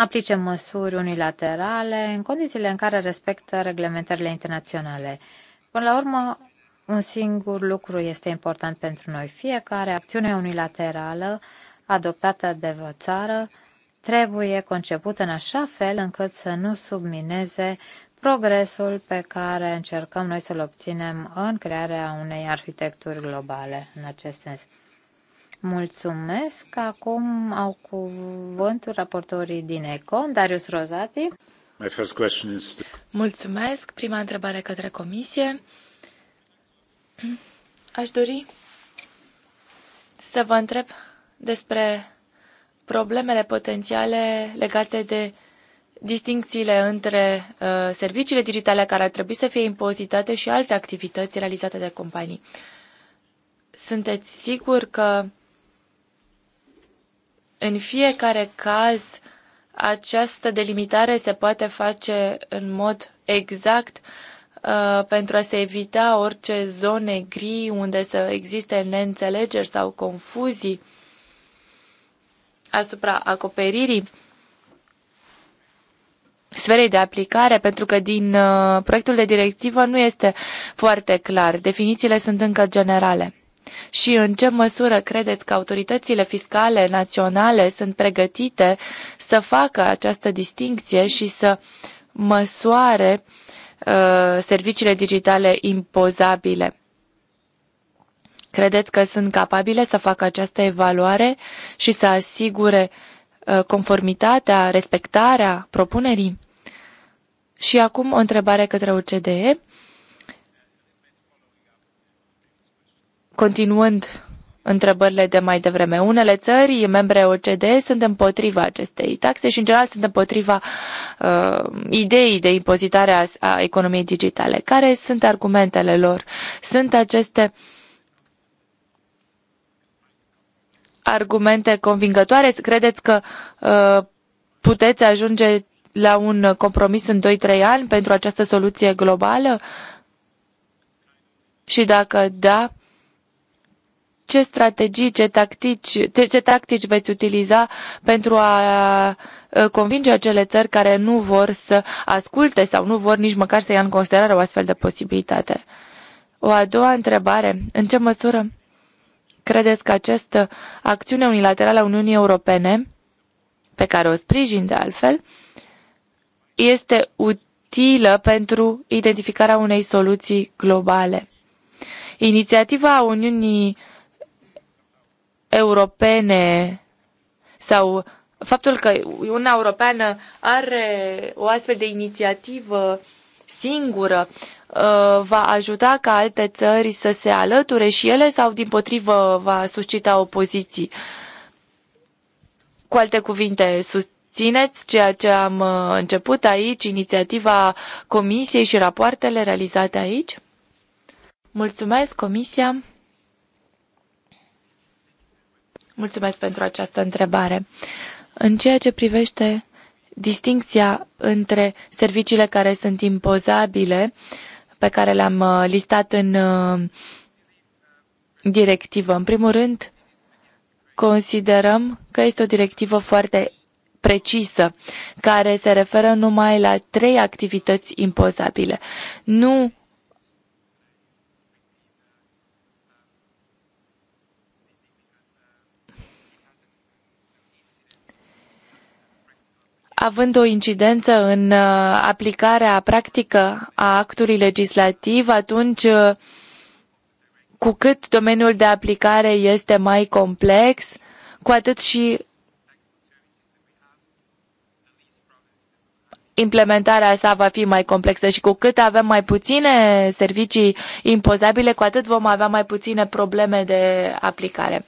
aplice măsuri unilaterale în condițiile în care respectă reglementările internaționale. Până la urmă, un singur lucru este important pentru noi. Fiecare acțiune unilaterală adoptată de vă țară trebuie concepută în așa fel încât să nu submineze progresul pe care încercăm noi să-l obținem în crearea unei arhitecturi globale în acest sens. Mulțumesc. Acum au cuvântul raportorii din Econ, Darius Rozati. My first question is... Mulțumesc. Prima întrebare către comisie. Aș dori să vă întreb despre problemele potențiale legate de distincțiile între uh, serviciile digitale care ar trebui să fie impozitate și alte activități realizate de companii. Sunteți sigur că în fiecare caz, această delimitare se poate face în mod exact uh, pentru a se evita orice zone gri unde să existe neînțelegeri sau confuzii asupra acoperirii sferei de aplicare, pentru că din uh, proiectul de directivă nu este foarte clar. Definițiile sunt încă generale și în ce măsură credeți că autoritățile fiscale naționale sunt pregătite să facă această distincție și să măsoare uh, serviciile digitale impozabile. Credeți că sunt capabile să facă această evaluare și să asigure uh, conformitatea, respectarea propunerii? Și acum o întrebare către OCDE. Continuând întrebările de mai devreme, unele țări, membre OCDE, sunt împotriva acestei taxe și, în general, sunt împotriva uh, ideii de impozitare a, a economiei digitale. Care sunt argumentele lor? Sunt aceste argumente convingătoare? Credeți că uh, puteți ajunge la un compromis în 2-3 ani pentru această soluție globală? Și dacă da, ce strategii, ce tactici, ce, ce tactici veți utiliza pentru a uh, convinge acele țări care nu vor să asculte sau nu vor nici măcar să ia în considerare o astfel de posibilitate. O a doua întrebare, în ce măsură credeți că această acțiune unilaterală a Uniunii Europene, pe care o sprijin de altfel, este utilă pentru identificarea unei soluții globale? Inițiativa Uniunii europene sau faptul că Uniunea Europeană are o astfel de inițiativă singură uh, va ajuta ca alte țări să se alăture și ele sau din potrivă va suscita opoziții? Cu alte cuvinte, susțineți ceea ce am uh, început aici, inițiativa Comisiei și rapoartele realizate aici? Mulțumesc, Comisia! Mulțumesc pentru această întrebare. În ceea ce privește distincția între serviciile care sunt impozabile, pe care le-am uh, listat în uh, directivă, în primul rând, considerăm că este o directivă foarte precisă, care se referă numai la trei activități impozabile. Nu având o incidență în uh, aplicarea practică a actului legislativ, atunci uh, cu cât domeniul de aplicare este mai complex, cu atât și implementarea sa va fi mai complexă și cu cât avem mai puține servicii impozabile, cu atât vom avea mai puține probleme de aplicare.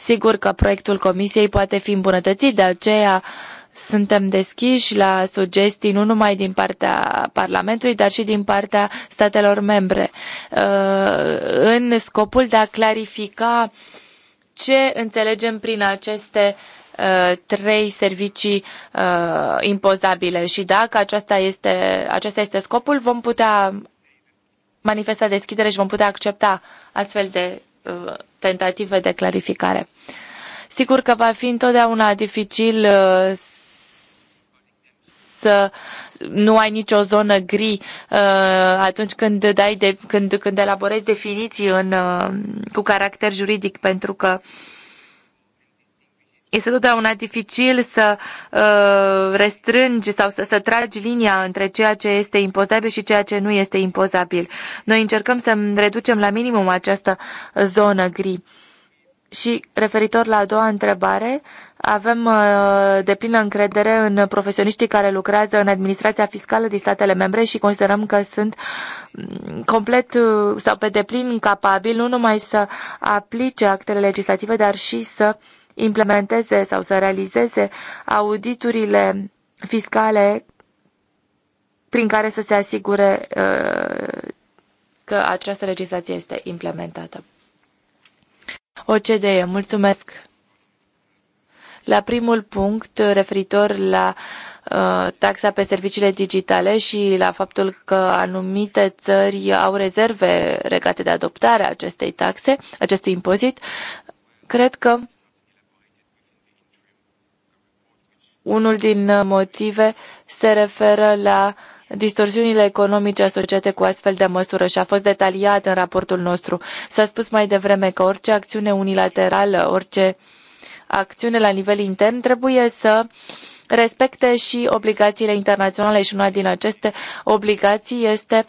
Sigur că proiectul comisiei poate fi îmbunătățit, de aceea suntem deschiși la sugestii nu numai din partea Parlamentului, dar și din partea statelor membre, uh, în scopul de a clarifica ce înțelegem prin aceste uh, trei servicii uh, impozabile și dacă aceasta este, acesta este scopul, vom putea manifesta deschidere și vom putea accepta astfel de uh, tentative de clarificare. Sigur că va fi întotdeauna dificil uh, să nu ai nicio zonă gri uh, atunci când, dai de, când, când elaborezi definiții în, uh, cu caracter juridic, pentru că uh, este totdeauna dificil să uh, restrângi sau să, să tragi linia între ceea ce este impozabil și ceea ce nu este impozabil. Noi încercăm să reducem la minimum această zonă gri. Și referitor la a doua întrebare, avem uh, plină încredere în profesioniștii care lucrează în administrația fiscală din statele membre și considerăm că sunt mm, complet uh, sau pe deplin capabili nu numai să aplice actele legislative, dar și să uh, implementeze sau să realizeze auditurile fiscale prin care să se asigure uh, că această legislație este implementată. OCDE, mulțumesc! La primul punct, referitor la uh, taxa pe serviciile digitale și la faptul că anumite țări au rezerve regate de adoptarea acestei taxe, acestui impozit, cred că Unul din uh, motive se referă la distorsiunile economice asociate cu astfel de măsură și a fost detaliat în raportul nostru. S-a spus mai devreme că orice acțiune unilaterală, orice acțiune la nivel intern trebuie să respecte și obligațiile internaționale și una din aceste obligații este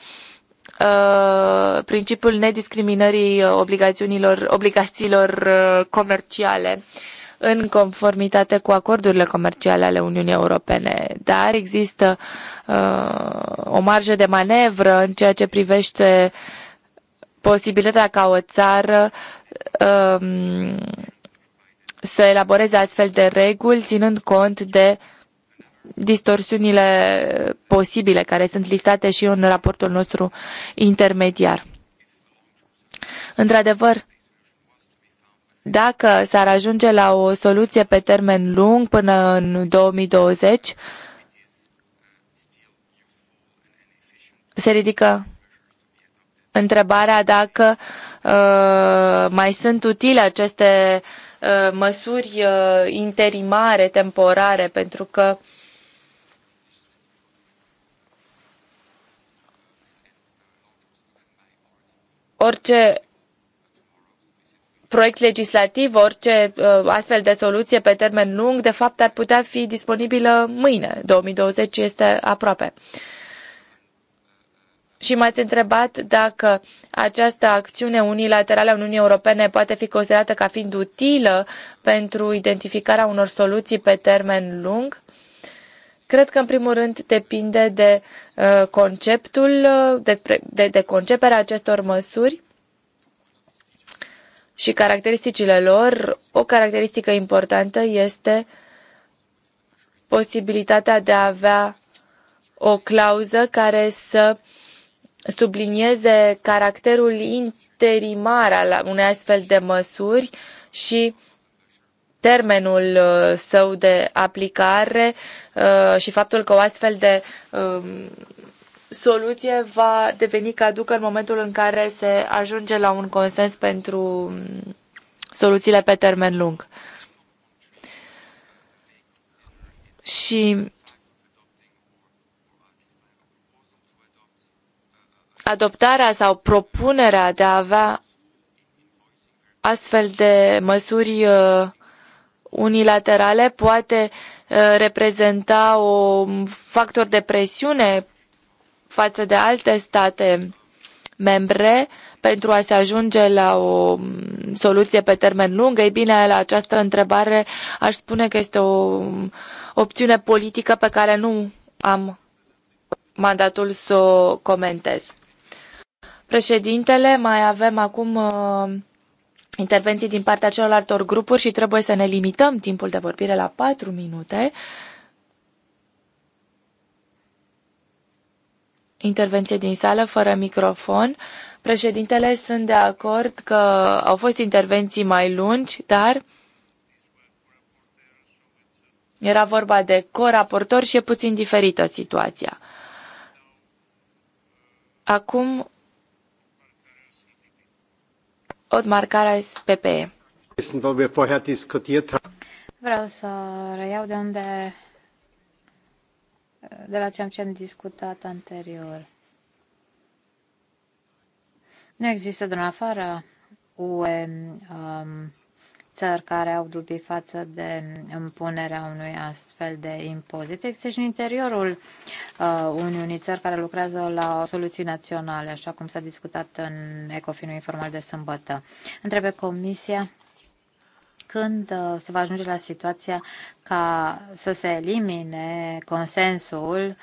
uh, principiul nediscriminării obligațiunilor, obligațiilor uh, comerciale. Uh, în conformitate cu acordurile comerciale ale Uniunii Europene, dar există uh, o marjă de manevră în ceea ce privește posibilitatea ca o țară um, să elaboreze astfel de reguli, ținând cont de distorsiunile posibile care sunt listate și în raportul nostru intermediar. Într-adevăr, dacă s-ar ajunge la o soluție pe termen lung până în 2020, se ridică întrebarea dacă uh, mai sunt utile aceste uh, măsuri uh, interimare, temporare, pentru că orice proiect legislativ, orice uh, astfel de soluție pe termen lung, de fapt, ar putea fi disponibilă mâine. 2020 este aproape. Și m-ați întrebat dacă această acțiune unilaterală a Uniunii Europene poate fi considerată ca fiind utilă pentru identificarea unor soluții pe termen lung. Cred că, în primul rând, depinde de uh, conceptul, uh, despre, de, de conceperea acestor măsuri și caracteristicile lor, o caracteristică importantă este posibilitatea de a avea o clauză care să sublinieze caracterul interimar al unei astfel de măsuri și termenul uh, său de aplicare uh, și faptul că o astfel de um, soluție va deveni caducă în momentul în care se ajunge la un consens pentru mm, soluțiile pe termen lung. Și adoptarea sau propunerea de a avea astfel de măsuri uh, unilaterale poate uh, reprezenta un mm, factor de presiune față de alte state membre pentru a se ajunge la o mm, soluție pe termen lung? Ei bine, la această întrebare aș spune că este o mm, opțiune politică pe care nu am mandatul să o comentez. Președintele, mai avem acum uh, intervenții din partea celorlaltor grupuri și trebuie să ne limităm timpul de vorbire la patru minute. Uh, intervenție din sală fără microfon. Președintele, sunt de acord că au fost intervenții mai lungi, dar era vorba de coraportor și e puțin diferită situația. Acum, o marcare PPE. Vreau să reiau de unde de la am ce am discutat anterior. Nu există din afara UE um, țări care au dubii față de impunerea unui astfel de impozit. Există și în interiorul uh, Uniunii țări care lucrează la soluții naționale, așa cum s-a discutat în ecofinul informal de sâmbătă. Întrebe Comisia când uh, se va ajunge la situația ca să se elimine consensul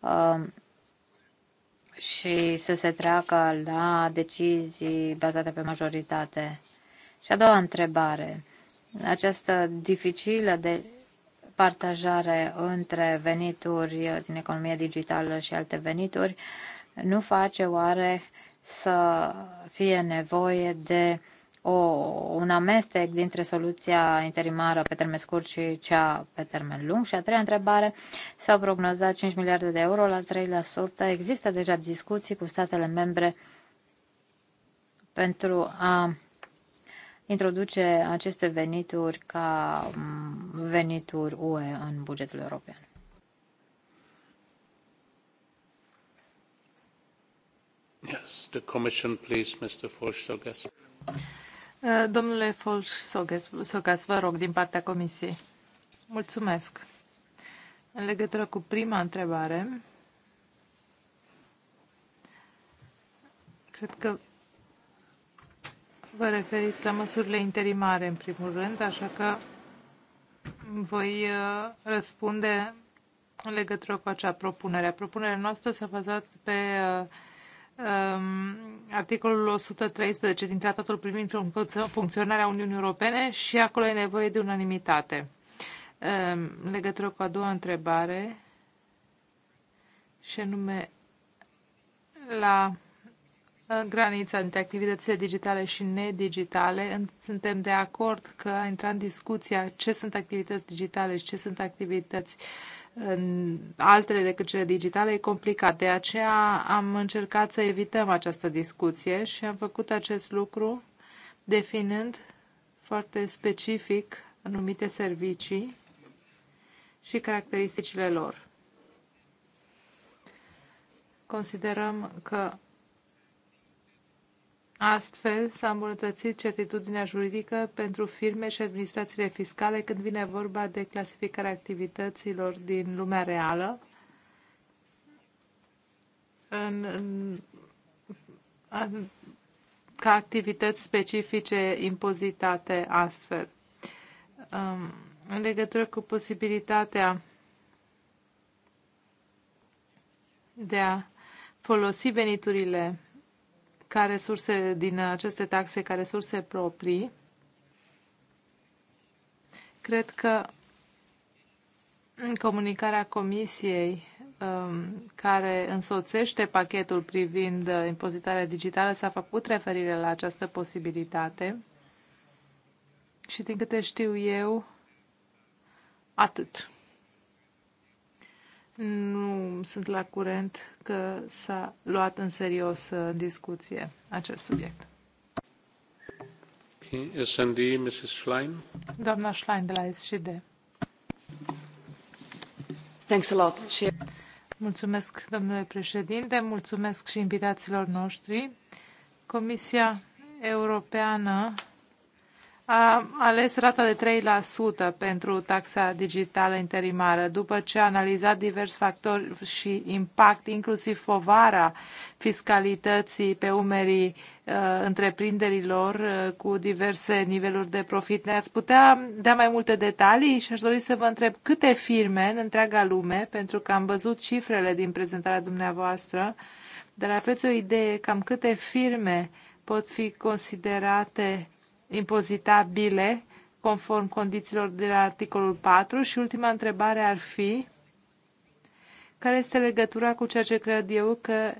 um, și să se treacă la decizii bazate pe majoritate. Și a doua întrebare. Această dificilă de partajare între venituri din economia digitală și alte venituri nu face oare să fie nevoie de uh, o, un amestec dintre soluția interimară pe termen scurt și cea pe termen lung. Și a treia întrebare, s-au prognozat 5 miliarde de euro la 3%. Există deja discuții cu statele membre pentru a introduce aceste venituri ca venituri UE în bugetul european. Yes, the commission please, Mr. Forster. Eh, domnule Folsogas, vă rog, din partea Comisiei. Mulțumesc. În legătură cu prima întrebare, cred că vă referiți la măsurile interimare, în primul rând, așa că voi eh, răspunde în legătură cu acea propunere. Propunerea noastră s-a bazat pe uh, Ehm, articolul 113 din tratatul privind funcționarea Uniunii Europene și acolo e nevoie de unanimitate. Ehm, în legătură cu a doua întrebare, și anume la uh, granița între activitățile digitale și nedigitale. Suntem de acord că a intrat în discuția ce sunt activități digitale și ce sunt activități uh, altele decât cele digitale e complicat. De aceea am încercat să evităm această discuție și am făcut acest lucru definând foarte specific anumite servicii și caracteristicile lor. Considerăm că Astfel, s-a îmbunătățit certitudinea juridică pentru firme și administrațiile fiscale când vine vorba de clasificarea activităților din lumea reală în, în, ca activități specifice impozitate astfel. Um, în legătură cu posibilitatea de a folosi veniturile ca resurse din aceste taxe, ca resurse proprii, cred că comunicarea Comisiei um, care însoțește pachetul privind uh, impozitarea digitală s-a făcut referire la această posibilitate și din câte știu eu, atât. Nu sunt la curent că s-a luat în serios uh, în discuție acest subiect. SND, Mrs. Schlein. Doamna Schlein de la SCD. Thanks a lot. Mulțumesc, domnule președinte, mulțumesc și invitațiilor noștri. Comisia Europeană a ales rata de 3% pentru taxa digitală interimară, după ce a analizat diversi factori și impact, inclusiv povara fiscalității pe umerii uh, întreprinderilor uh, cu diverse niveluri de profit. Ne-ați putea da mai multe detalii și aș dori să vă întreb câte firme în întreaga lume, pentru că am văzut cifrele din prezentarea dumneavoastră, dar aveți o idee cam câte firme pot fi considerate impozitabile conform condițiilor de la articolul 4 și ultima întrebare ar fi care este legătura cu ceea ce cred eu că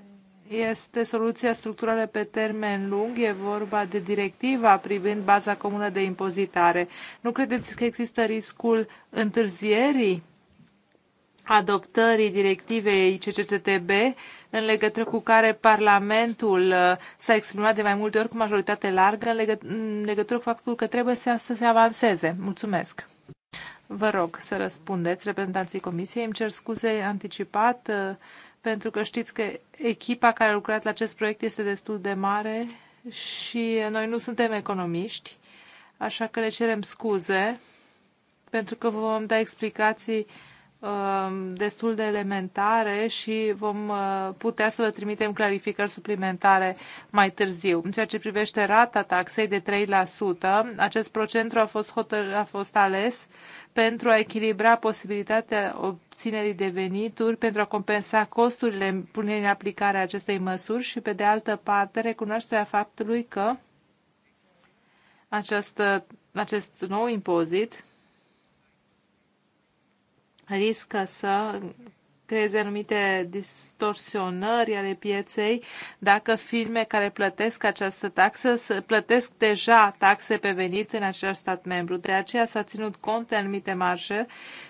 este soluția structurală pe termen lung, e vorba de directiva privind baza comună de impozitare. Nu credeți că există riscul întârzierii adoptării directivei CCCTB, în legătură cu care Parlamentul uh, s-a exprimat de mai multe ori cu majoritate largă, în, legătură cu faptul că trebuie să, se avanseze. Mulțumesc! Vă rog să răspundeți, reprezentanții Comisiei. Îmi cer scuze anticipat, uh, pentru că știți că echipa care a lucrat la acest proiect este destul de mare și noi nu suntem economiști, așa că le cerem scuze, pentru că vă vom da explicații uh, Um, destul de elementare și vom uh, putea să vă trimitem clarificări suplimentare mai târziu. În ceea ce privește rata taxei de 3%, acest procent a fost, hotăr- a fost ales pentru a echilibra posibilitatea obținerii de venituri, pentru a compensa costurile punerii în aplicare a acestei măsuri și, pe de altă parte, recunoașterea faptului că această, acest nou impozit riscă să creeze anumite distorsionări ale pieței dacă firme care plătesc această taxă să plătesc deja taxe pe venit în acel stat membru. De aceea s-a ținut cont de anumite marje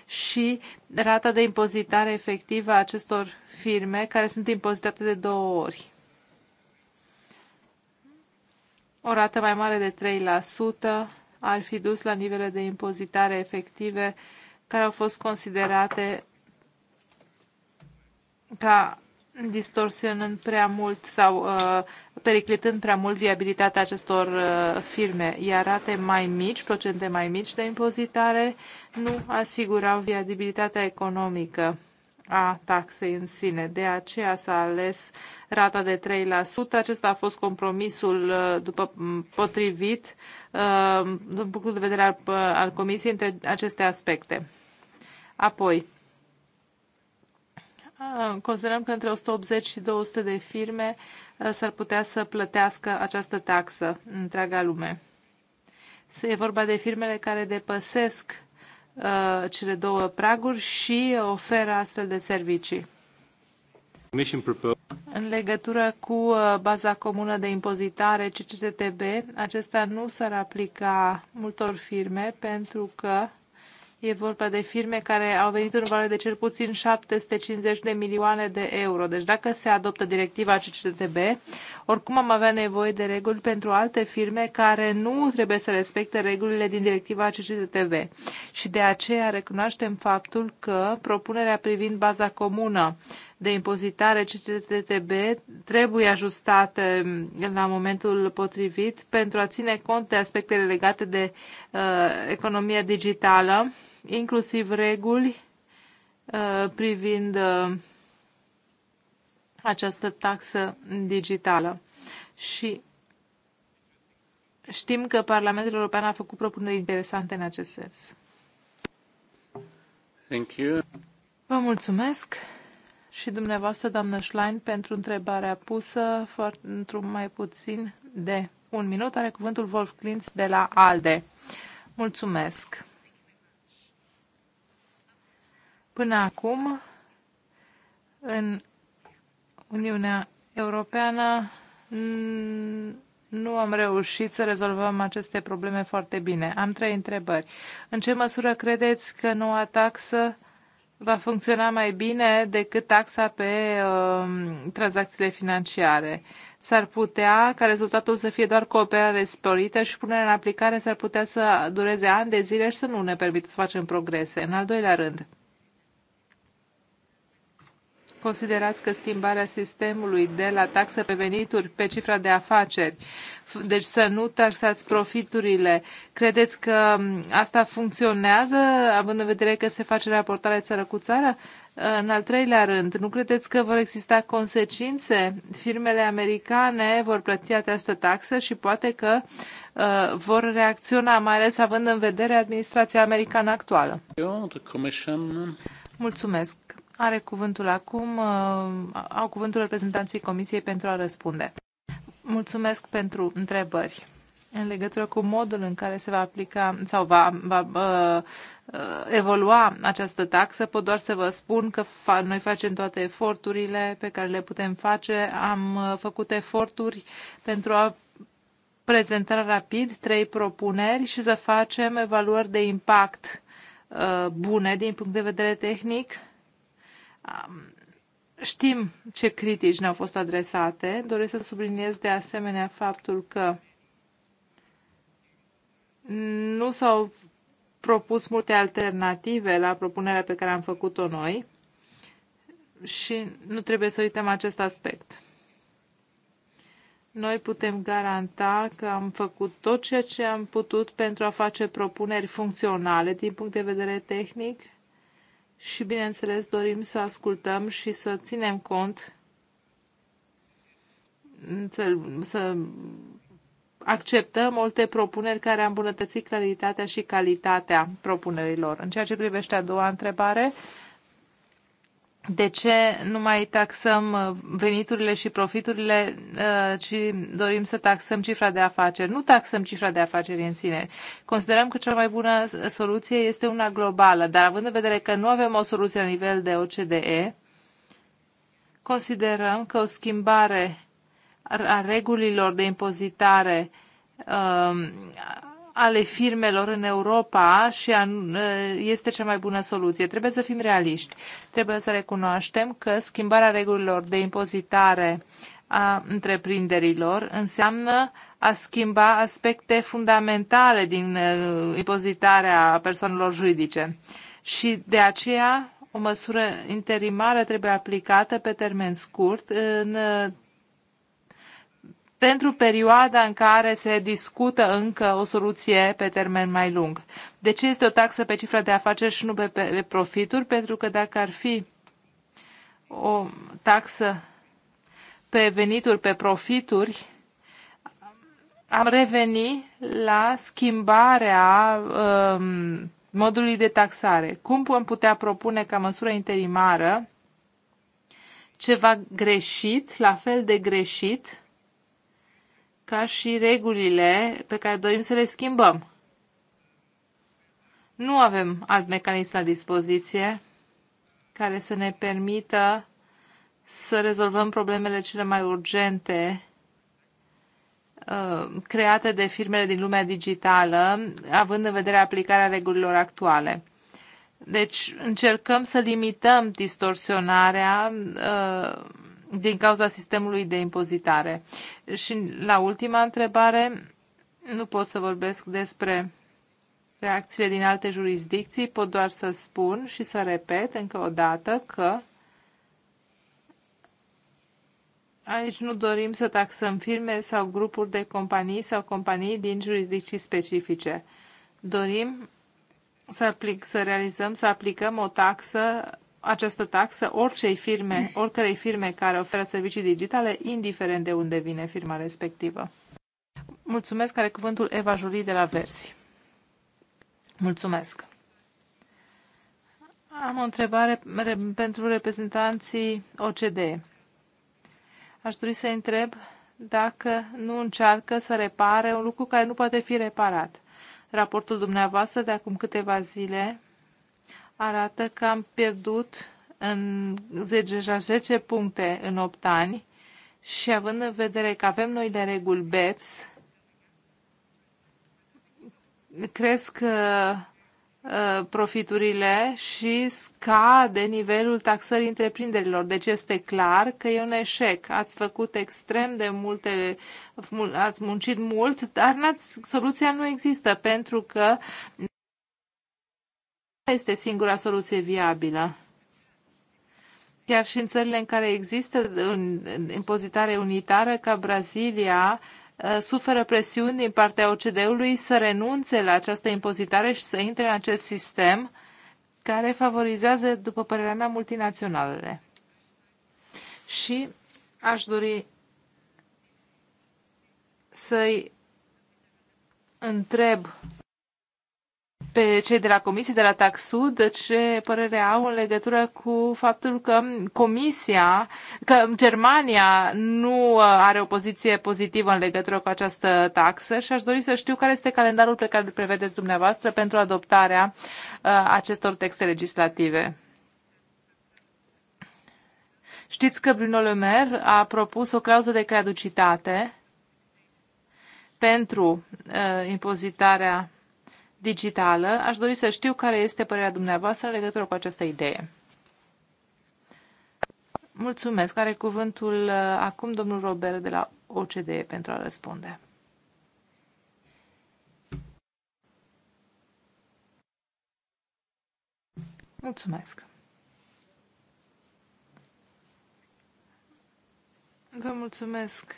și rata de impozitare efectivă a acestor firme care sunt impozitate de două ori. O rată mai mare de 3% ar fi dus la nivele de impozitare efective uh, care au fost considerate ca distorsionând prea mult sau uh, periclitând prea mult viabilitatea acestor uh, firme, iar rate mai mici, procente mai mici de impozitare, nu asigurau viabilitatea economică a taxei în sine. De aceea s-a ales rata de 3%. Acesta a fost compromisul uh, după potrivit uh, din punctul de vedere al, uh, al Comisiei între aceste aspecte. Apoi, uh, considerăm că între 180 și 200 de firme uh, s-ar putea să plătească această taxă în întreaga lume. E vorba de firmele care depăsesc uh, cele două praguri și oferă astfel de servicii. În legătură cu baza comună de impozitare CCTB, acesta nu s-ar aplica multor firme pentru că E vorba de firme care au venit în valoare de cel puțin 750 de milioane de euro. Deci dacă se adoptă directiva CCTB, oricum am avea nevoie de reguli pentru alte firme care nu trebuie să respecte regulile din directiva CCTB. Și de aceea recunoaștem faptul că propunerea privind baza comună de impozitare CCTB trebuie ajustate la momentul potrivit pentru a ține cont de aspectele legate de uh, economia digitală inclusiv reguli uh, privind uh, această taxă digitală. Și știm că Parlamentul European a făcut propuneri interesante în acest sens. Thank you. Vă mulțumesc și dumneavoastră, doamnă Schlein, pentru întrebarea pusă într-un mai puțin de un minut. Are cuvântul Wolf Klintz de la ALDE. Mulțumesc! Până acum, în Uniunea Europeană, nu am reușit să rezolvăm aceste probleme foarte bine. Am trei întrebări. În ce măsură credeți că noua taxă va funcționa mai bine decât taxa pe uh, tranzacțiile financiare? S-ar putea ca rezultatul să fie doar cooperare sporită și punerea în aplicare s-ar putea să dureze ani de zile și să nu ne permită să facem progrese. În al doilea rând, Considerați că schimbarea sistemului de la taxă pe venituri pe cifra de afaceri, deci să nu taxați profiturile, credeți că asta funcționează, având în vedere că se face raportare țară cu țară? În al treilea rând, nu credeți că vor exista consecințe? Firmele americane vor plăti această taxă și poate că uh, vor reacționa, mai ales având în vedere administrația americană actuală. Mulțumesc. Are cuvântul acum, uh, au cuvântul reprezentanții Comisiei pentru a răspunde. Mulțumesc pentru întrebări în legătură cu modul în care se va aplica sau va, va uh, uh, evolua această taxă, pot doar să vă spun că fa- noi facem toate eforturile pe care le putem face. Am uh, făcut eforturi pentru a prezenta rapid trei propuneri și să facem evaluări de impact uh, bune din punct de vedere tehnic Știm ce critici ne-au fost adresate. Doresc să subliniez de asemenea faptul că nu s-au propus multe alternative la propunerea pe care am făcut-o noi și nu trebuie să uităm acest aspect. Noi putem garanta că am făcut tot ceea ce am putut pentru a face propuneri funcționale din punct de vedere tehnic și, bineînțeles, dorim să ascultăm și să ținem cont, să, acceptăm multe propuneri care îmbunătăți claritatea și calitatea propunerilor. În ceea ce privește a doua întrebare, de ce nu mai taxăm uh, veniturile și profiturile, uh, ci dorim să taxăm cifra de afaceri. Nu taxăm cifra de afaceri în sine. Considerăm că cea mai bună uh, soluție este una globală, dar având în vedere că nu avem o soluție la nivel de OCDE, considerăm că o schimbare a regulilor de impozitare um, ale firmelor în Europa și este cea mai bună soluție. Trebuie să fim realiști. Trebuie să recunoaștem că schimbarea regulilor de impozitare a întreprinderilor înseamnă a schimba aspecte fundamentale din impozitarea persoanelor juridice. Și de aceea o măsură interimară trebuie aplicată pe termen scurt în pentru perioada în care se discută încă o soluție pe termen mai lung. De ce este o taxă pe cifra de afaceri și nu pe, pe profituri? Pentru că dacă ar fi o taxă pe venituri, pe profituri, am reveni la schimbarea um, modului de taxare. Cum am putea propune ca măsură interimară ceva greșit, la fel de greșit, ca și regulile pe care dorim să le schimbăm. Nu avem alt mecanism la dispoziție care să ne permită să rezolvăm problemele cele mai urgente uh, create de firmele din lumea digitală, având în vedere aplicarea regulilor actuale. Deci încercăm să limităm distorsionarea uh, din cauza sistemului de impozitare. Și la ultima întrebare, nu pot să vorbesc despre reacțiile din alte jurisdicții, pot doar să spun și să repet încă o dată că aici nu dorim să taxăm firme sau grupuri de companii sau companii din jurisdicții specifice. Dorim să, aplic, să realizăm, să aplicăm o taxă această taxă oricei firme, oricărei firme care oferă servicii digitale, indiferent de unde vine firma respectivă. Mulțumesc, are cuvântul Eva Julie de la Versi. Mulțumesc. Am o întrebare pentru reprezentanții OCDE. Aș dori să întreb dacă nu încearcă să repare un lucru care nu poate fi reparat. Raportul dumneavoastră de acum câteva zile arată că am pierdut în 10, 10 puncte în 8 ani și având în vedere că avem noile reguli BEPS, cresc uh, uh, profiturile și scade nivelul taxării întreprinderilor. Deci este clar că e un eșec. Ați făcut extrem de multe, ați muncit mult, dar soluția nu există pentru că este singura soluție viabilă. Chiar și în țările în care există impozitare unitară, ca Brazilia, ă, suferă presiuni din partea OCDE-ului să renunțe la această impozitare și să intre în acest sistem care favorizează, după părerea mea, multinaționalele. Și aș dori să-i întreb pe cei de la Comisie, de la Taxud, ce părere au în legătură cu faptul că Comisia, că Germania nu uh, are o poziție pozitivă în legătură cu această taxă și aș dori să știu care este calendarul pe care îl prevedeți dumneavoastră pentru adoptarea uh, acestor texte legislative. Știți că Bruno Le Maire a propus o clauză de caducitate pentru uh, impozitarea digitală, aș dori să știu care este părerea dumneavoastră în legătură cu această idee. Mulțumesc. Are cuvântul uh, acum domnul Robert de la OCDE pentru a răspunde. Mulțumesc. Vă mulțumesc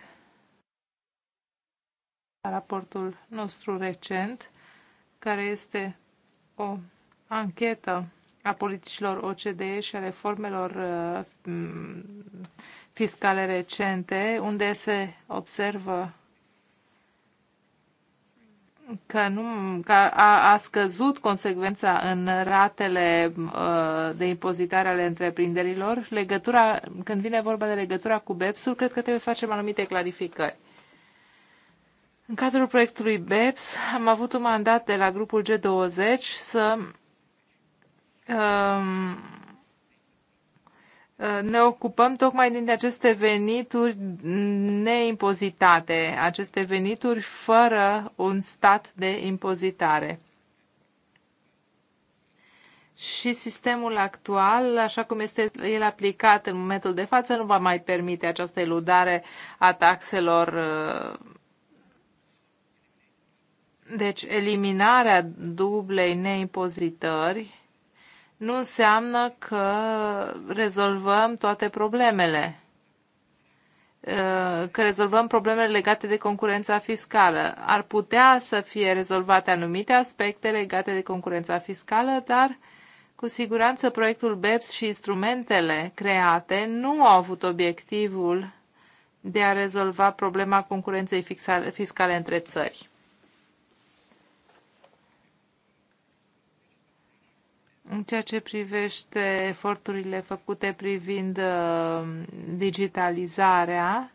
raportul nostru recent care este o anchetă a politicilor OCDE și a reformelor uh, mm, fiscale recente, unde se observă că, nu, că a, a scăzut consecvența în ratele uh, de impozitare ale întreprinderilor. Legătura, când vine vorba de legătura cu BEPS-ul, cred că trebuie să facem anumite clarificări. În cadrul proiectului BEPS am avut un mandat de la grupul G20 să um, uh, ne ocupăm tocmai din aceste venituri neimpozitate, aceste venituri fără un stat de impozitare. Și sistemul actual, așa cum este el aplicat în momentul de față, nu va mai permite această eludare a taxelor uh, deci, eliminarea dublei neimpozitări nu înseamnă că rezolvăm toate problemele, uh, că rezolvăm problemele legate de concurența fiscală. Ar putea să fie rezolvate anumite aspecte legate de concurența fiscală, dar cu siguranță proiectul BEPS și instrumentele create nu au avut obiectivul de a rezolva problema concurenței fiscale între țări. În ceea ce privește eforturile făcute privind uh, digitalizarea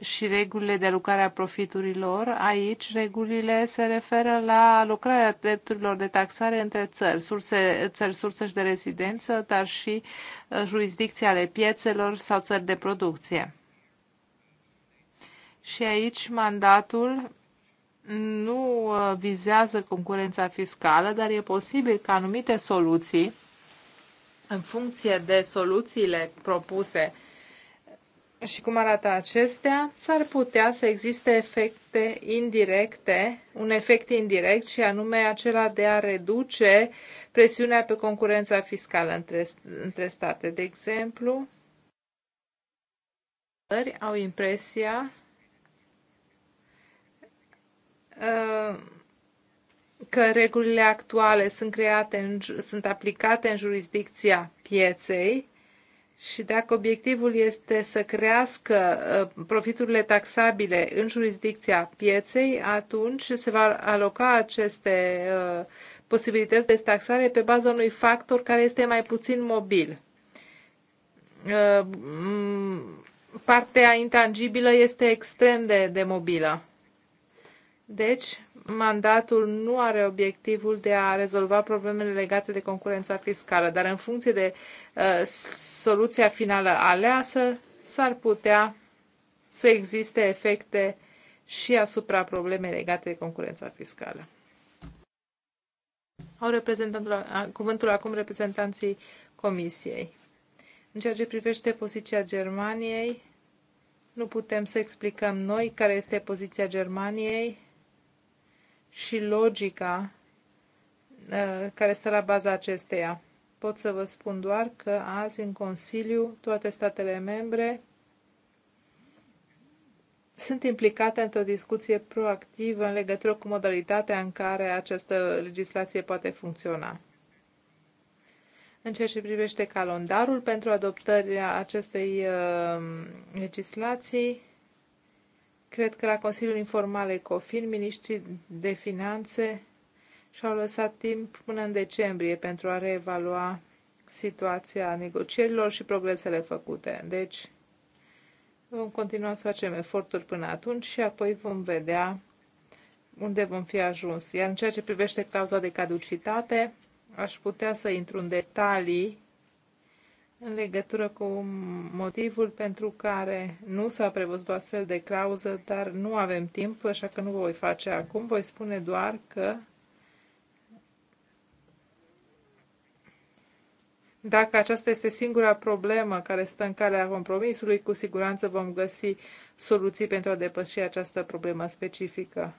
și regulile de lucrare a profiturilor, aici regulile se referă la lucrarea drepturilor de taxare între țări, surse, țări sursă și de rezidență, dar și uh, jurisdicții ale piețelor sau țări de producție. Și aici mandatul nu uh, vizează concurența fiscală, dar e posibil ca anumite soluții, în funcție de soluțiile propuse și cum arată acestea, s-ar putea să existe efecte indirecte, un efect indirect și anume acela de a reduce presiunea pe concurența fiscală între, între state. De exemplu, au impresia Uh, că regulile actuale sunt, create în, sunt aplicate în jurisdicția pieței și dacă obiectivul este să crească uh, profiturile taxabile în jurisdicția pieței, atunci se va aloca aceste uh, posibilități de taxare pe baza unui factor care este mai puțin mobil. Partea intangibilă este extrem de, de mobilă. Deci, mandatul nu are obiectivul de a rezolva problemele legate de concurența fiscală, dar în funcție de uh, soluția finală aleasă, s-ar putea să existe efecte și asupra problemei legate de concurența fiscală. Au reprezentantul, cuvântul acum reprezentanții Comisiei. În ceea ce privește poziția Germaniei, nu putem să explicăm noi care este poziția Germaniei și logica uh, care stă la baza acesteia. Pot să vă spun doar că azi în Consiliu toate statele membre sunt implicate într-o discuție proactivă în legătură cu modalitatea în care această legislație poate funcționa. În ceea ce privește calendarul pentru adoptarea acestei uh, legislații, Cred că la Consiliul Informal Ecofin, ministrii de finanțe și-au lăsat timp până în decembrie pentru a reevalua situația negocierilor și progresele făcute. Deci, vom continua să facem eforturi până atunci și apoi vom vedea unde vom fi ajuns. Iar în ceea ce privește clauza de caducitate, aș putea să intru în detalii în legătură cu motivul pentru care nu s-a prevăzut o astfel de clauză, dar nu avem timp, așa că nu voi face acum. Voi spune doar că Dacă aceasta este singura problemă care stă în calea compromisului, cu siguranță vom găsi soluții pentru a depăși această problemă specifică.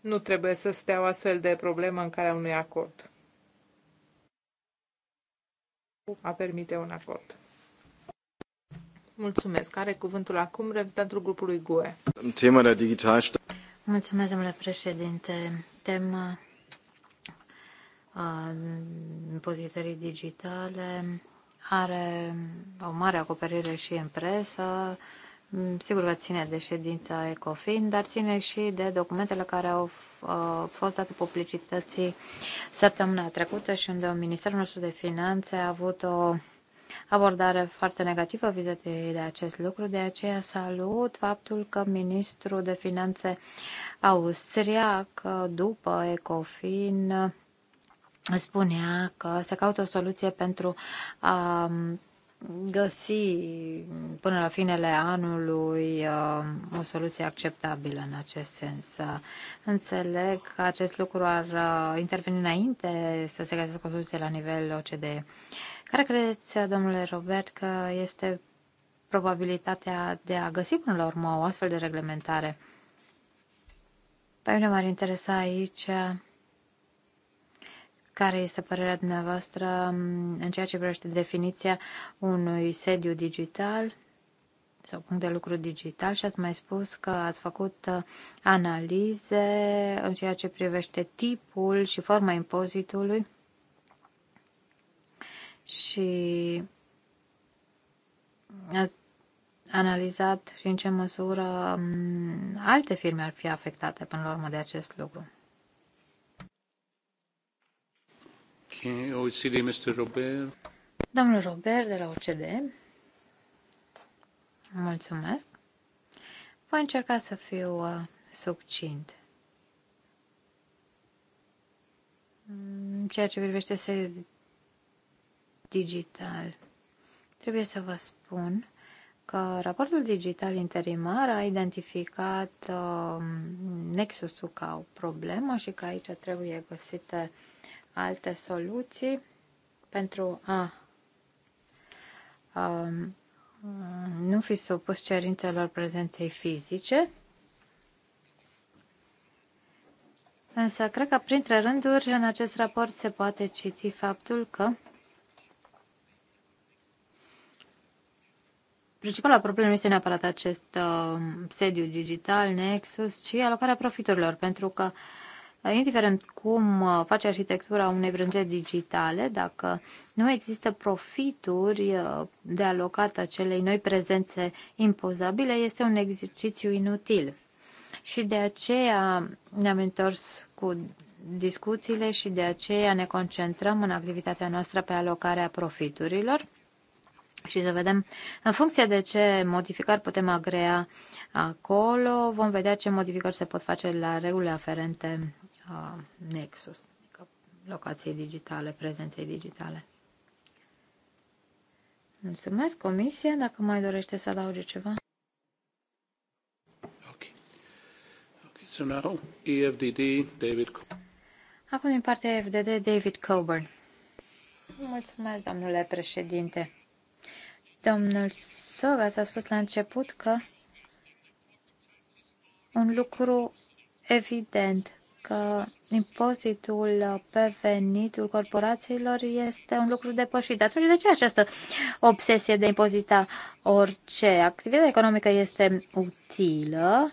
Nu trebuie să stea o astfel de problemă în calea unui acord a permite un acord. Mulțumesc. Are cuvântul acum reprezentantul grupului GUE. Tema de digital. Mulțumesc, domnule președinte. Tema impozitării digitale are o mare acoperire și în presă, sigur că ține de ședința ECOFIN, dar ține și de documentele care au Uh, fost dată publicității săptămâna trecută și unde Ministerul nostru de Finanțe a avut o abordare foarte negativă vis-a-vis de acest lucru, de aceea salut faptul că ministrul de finanțe austriac după Ecofin spunea că se caută o soluție pentru a găsi până la finele anului uh, o soluție acceptabilă în acest sens. Înțeleg că acest lucru ar uh, interveni înainte să se găsească o soluție la nivel OCDE. Care credeți, domnule Robert, că este probabilitatea de a găsi până la urmă o astfel de reglementare? Pe mine m-ar interesa aici care este părerea dumneavoastră mm, în ceea ce privește definiția unui sediu digital sau punct de lucru digital și ați mai spus că ați făcut uh, analize în ceea ce privește tipul și forma impozitului și ați analizat și în ce măsură mm, alte firme ar fi afectate până la urmă de acest lucru. Robert. Domnul Robert de la OCD. Mulțumesc. Voi încerca să fiu uh, succint. Ceea ce privește se digital. Trebuie să vă spun că raportul digital interimar a identificat uh, nexusul ca o problemă și că aici trebuie găsite alte soluții pentru a um, nu fi supus cerințelor prezenței fizice. Însă, cred că printre rânduri în acest raport se poate citi faptul că Principala problemă este neapărat acest uh, sediu digital, Nexus, ci alocarea profiturilor, pentru că uh, indiferent cum uh, face arhitectura unei brânze digitale, dacă nu există profituri uh, de alocat acelei noi prezențe impozabile, este un exercițiu inutil. Și de aceea ne-am întors cu discuțiile și de aceea ne concentrăm în activitatea noastră pe alocarea profiturilor și să vedem în funcție de ce modificări putem agrea acolo, vom vedea ce modificări se pot face la regulile aferente a Nexus, adică locației digitale, prezenței digitale. Mulțumesc, comisie, dacă mai dorește să adauge ceva. Ok. Ok, so now EFDD, David. Acum din partea FDD, David Coburn. Mulțumesc, domnule președinte. Domnul Soga s-a spus la început că un lucru evident că impozitul pe venitul corporațiilor este un lucru depășit. Atunci, de ce această obsesie de impozita orice? Activitatea economică este utilă,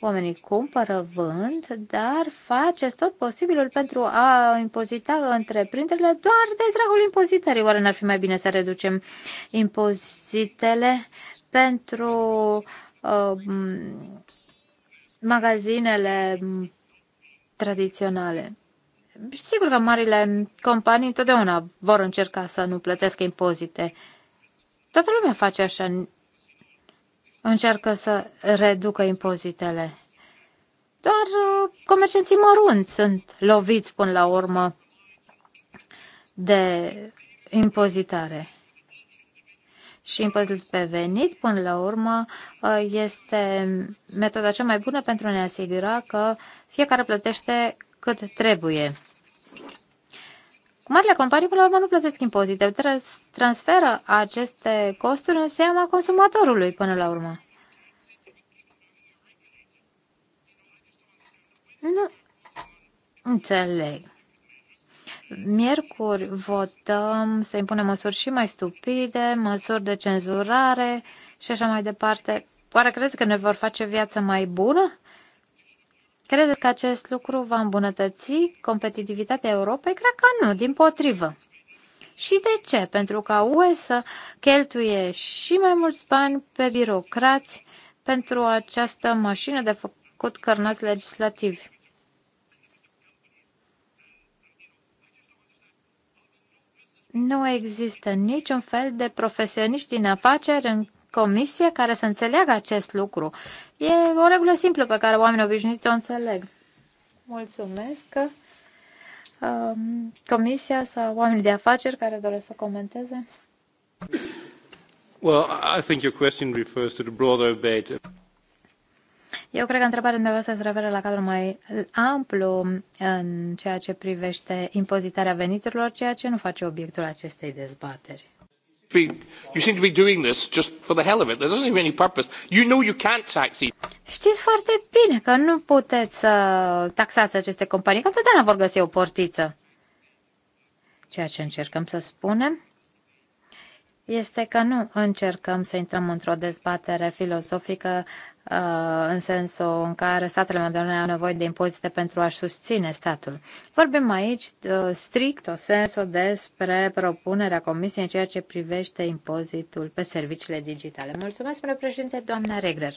oamenii cumpără, vând, dar faceți tot posibilul pentru a impozita întreprinderile doar de dragul impozitării. Oare n-ar fi mai bine să reducem impozitele pentru uh, magazinele tradiționale. Sigur că marile companii întotdeauna vor încerca să nu plătesc impozite. Toată lumea face așa. Încearcă să reducă impozitele. Doar uh, comercianții mărunți sunt loviți până la urmă de impozitare și impozitul pe venit, până la urmă, uh, este metoda cea mai bună pentru a ne asigura că fiecare plătește cât trebuie. Marile companii, până la urmă, nu plătesc impozite, transferă aceste costuri în seama consumatorului, până la urmă. Nu înțeleg. Miercuri votăm să impunem măsuri și mai stupide, măsuri de cenzurare și așa mai departe. Oare credeți că ne vor face viața mai bună? Credeți că acest lucru va îmbunătăți competitivitatea Europei? Cred că nu, din potrivă. Și de ce? Pentru ca UE să cheltuie și mai mulți bani pe birocrați pentru această mașină de făcut cărnați legislativi. nu există niciun fel de profesioniști din afaceri în comisie care să înțeleagă acest lucru. E o regulă simplă pe care oamenii obișnuiți o înțeleg. Mulțumesc că um, comisia sau oamenii de afaceri care doresc să comenteze. Well, I think your question refers to the broader debate. Eu cred că întrebarea dumneavoastră se referă la cadrul mai amplu uh, în ceea ce privește impozitarea veniturilor, ceea ce nu face obiectul acestei dezbateri. You seem to be doing this just for the hell of it. There doesn't even any purpose. You know you can't tax these. Știți foarte bine că nu puteți să taxați aceste companii, că întotdeauna vor găsi o portiță. Ceea ce încercăm să spunem este că nu încercăm să intrăm într-o dezbatere filosofică Uh, în sensul în care statele membre au nevoie de impozite pentru a-și susține statul. Vorbim aici uh, strict o sensul despre propunerea Comisiei în ceea ce privește impozitul pe serviciile digitale. Mulțumesc, spre președinte, doamna Regler.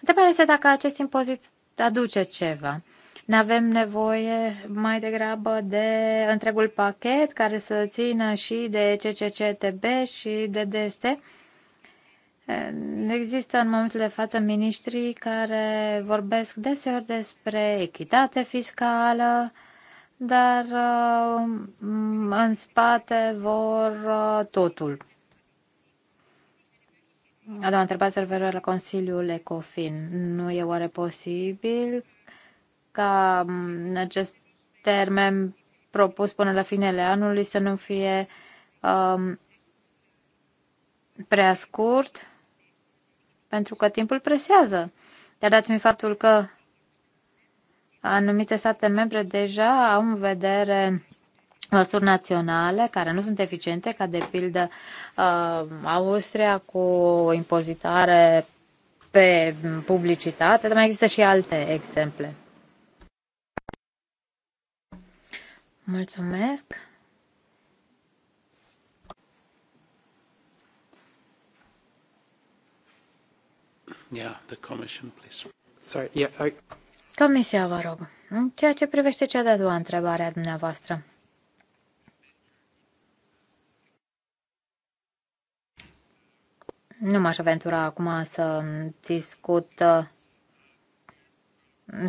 Întrebarea este dacă acest impozit aduce ceva. Ne avem nevoie mai degrabă de întregul pachet care să țină și de CCCTB și de DST. Există în momentul de față ministrii care vorbesc deseori despre echitate fiscală, dar uh, în spate vor uh, totul. A doua întrebare se referă la Consiliul Ecofin. Nu e oare posibil ca în mm, acest termen propus până la finele anului să nu fie um, prea scurt? pentru că timpul presează. Dar dați-mi faptul că anumite state membre deja au în vedere măsuri naționale care nu sunt eficiente, ca de pildă uh, Austria cu o impozitare pe publicitate, dar mai există și alte exemple. Mulțumesc! Yeah, the commission, please. Sorry, yeah, I... Comisia, vă rog. În ceea ce privește cea de-a doua întrebare a dumneavoastră. Nu m-aș aventura acum să discut uh,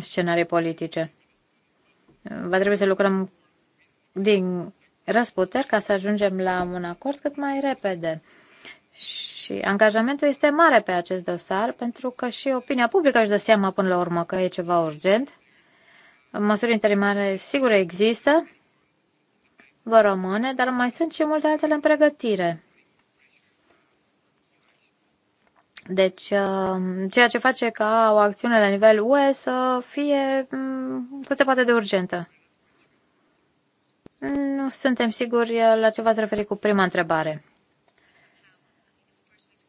scenarii politice. Va trebui să lucrăm din răsputeri ca să ajungem la un acord cât mai repede. Și și angajamentul este mare pe acest dosar, pentru că și opinia publică își dă seama până la urmă că e ceva urgent. Măsuri interimare sigur există, vor rămâne, dar mai sunt și multe altele în pregătire. Deci, uh, ceea ce face ca o acțiune la nivel UE să fie mm, cât se poate de urgentă. Nu suntem siguri la ce v-ați referit cu prima întrebare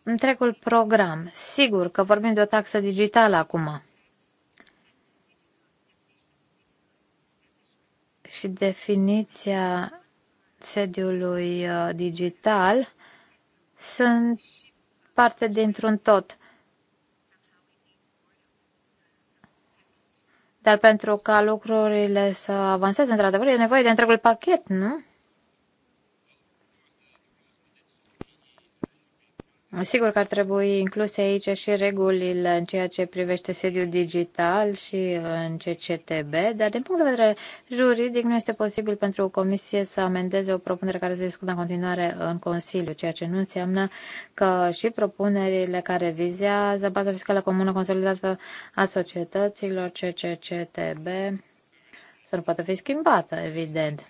întregul program. Sigur că vorbim de o taxă digitală acum. Și definiția sediului uh, digital sunt parte dintr-un tot. Dar pentru ca lucrurile să avanseze, într-adevăr, e nevoie de întregul pachet, nu? Sigur că ar trebui incluse aici și regulile în ceea ce privește sediul digital și uh, în CCTB, dar din punct de vedere juridic nu este posibil pentru o comisie să amendeze o propunere care se discută în continuare în Consiliu, ceea ce nu înseamnă că și propunerile care vizează baza fiscală comună consolidată a societăților CCCTB să nu poată fi schimbată, evident.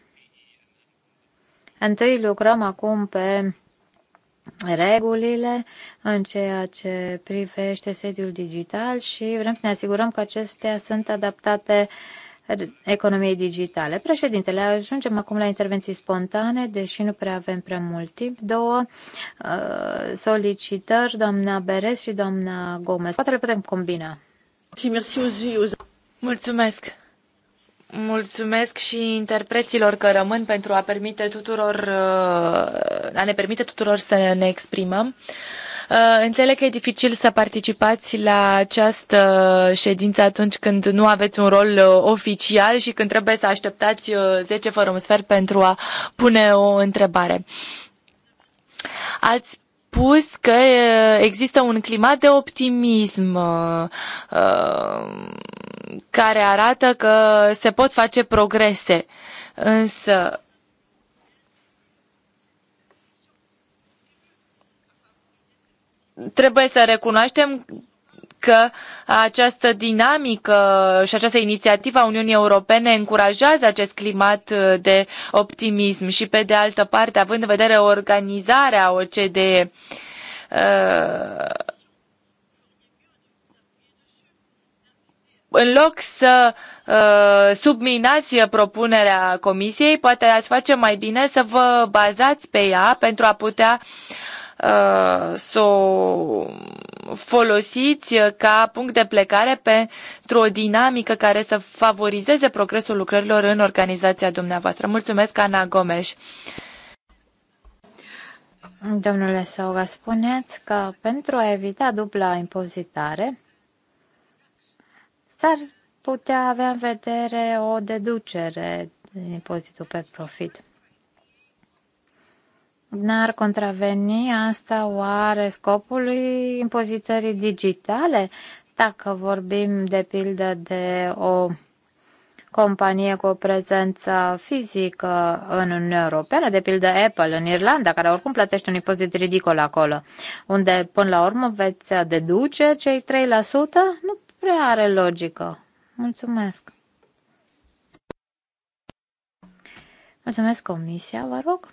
Întâi lucrăm acum pe regulile în ceea ce privește sediul digital și vrem să ne asigurăm că acestea sunt adaptate economiei digitale. Președintele, ajungem acum la intervenții spontane, deși nu prea avem prea mult timp. Două uh, solicitări, doamna Beres și doamna Gomez. Poate le putem combina. Mulțumesc! Mulțumesc și interpreților că rămân pentru a permite tuturor, uh, a ne permite tuturor să ne exprimăm. Uh, înțeleg că e dificil să participați la această ședință atunci când nu aveți un rol uh, oficial și când trebuie să așteptați 10 fără un sfert pentru a pune o întrebare. Ați spus că există un climat de optimism care arată că se pot face progrese, însă trebuie să recunoaștem că această dinamică și această inițiativă a Uniunii Europene încurajează acest climat de optimism și, pe de altă parte, având în vedere organizarea OCDE, uh, în loc să uh, subminați propunerea comisiei, poate ați face mai bine să vă bazați pe ea pentru a putea uh, să o folosiți ca punct de plecare pentru o dinamică care să favorizeze progresul lucrărilor în organizația dumneavoastră. Mulțumesc, Ana Gomes. Domnule Sauga, spuneți că pentru a evita dubla impozitare, s-ar putea avea în vedere o deducere din impozitul pe profit. N-ar contraveni asta oare scopului impozitării digitale? Dacă vorbim de pildă de o companie cu o prezență fizică în Uniunea Europeană, de pildă Apple în Irlanda, care oricum plătește un impozit ridicol acolo, unde până la urmă veți deduce cei 3%? Nu prea are logică. Mulțumesc. Mulțumesc, Comisia, vă rog.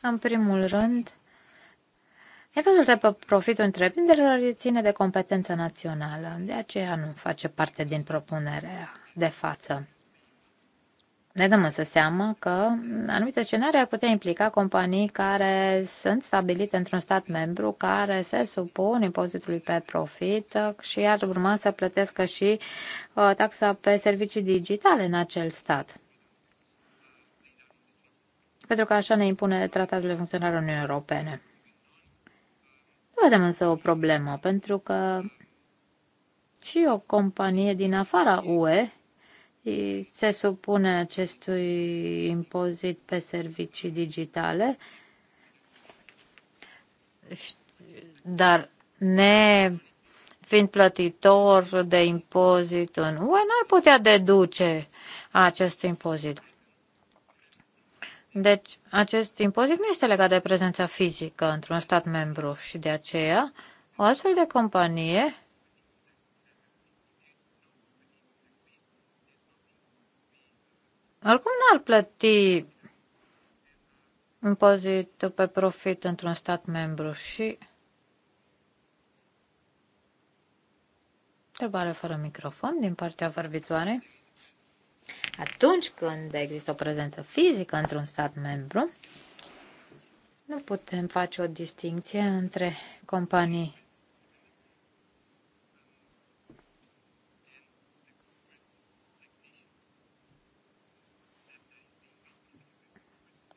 În primul rând, Nivelul de profit întreprinderilor ține de competență națională, de aceea nu face parte din propunerea de față. Ne dăm însă seama că anumite scenarii ar putea implica companii care sunt stabilite într-un stat membru, care se supun impozitului pe profit și ar urma să plătească și uh, taxa pe servicii digitale în acel stat. Pentru că așa ne impune tratatul de funcționare Uniunii Europene. Nu vedem însă o problemă, pentru că și o companie din afara UE se supune acestui impozit pe servicii digitale, dar ne fiind plătitor de impozit în UE, n-ar putea deduce acest impozit. Deci, acest impozit nu este legat de prezența fizică într-un stat membru și de aceea o astfel de companie Oricum n-ar plăti impozit pe profit într-un stat membru și Întrebare fără microfon din partea vorbitoare. Atunci când există o prezență fizică într-un stat membru, nu putem face o distinție între companii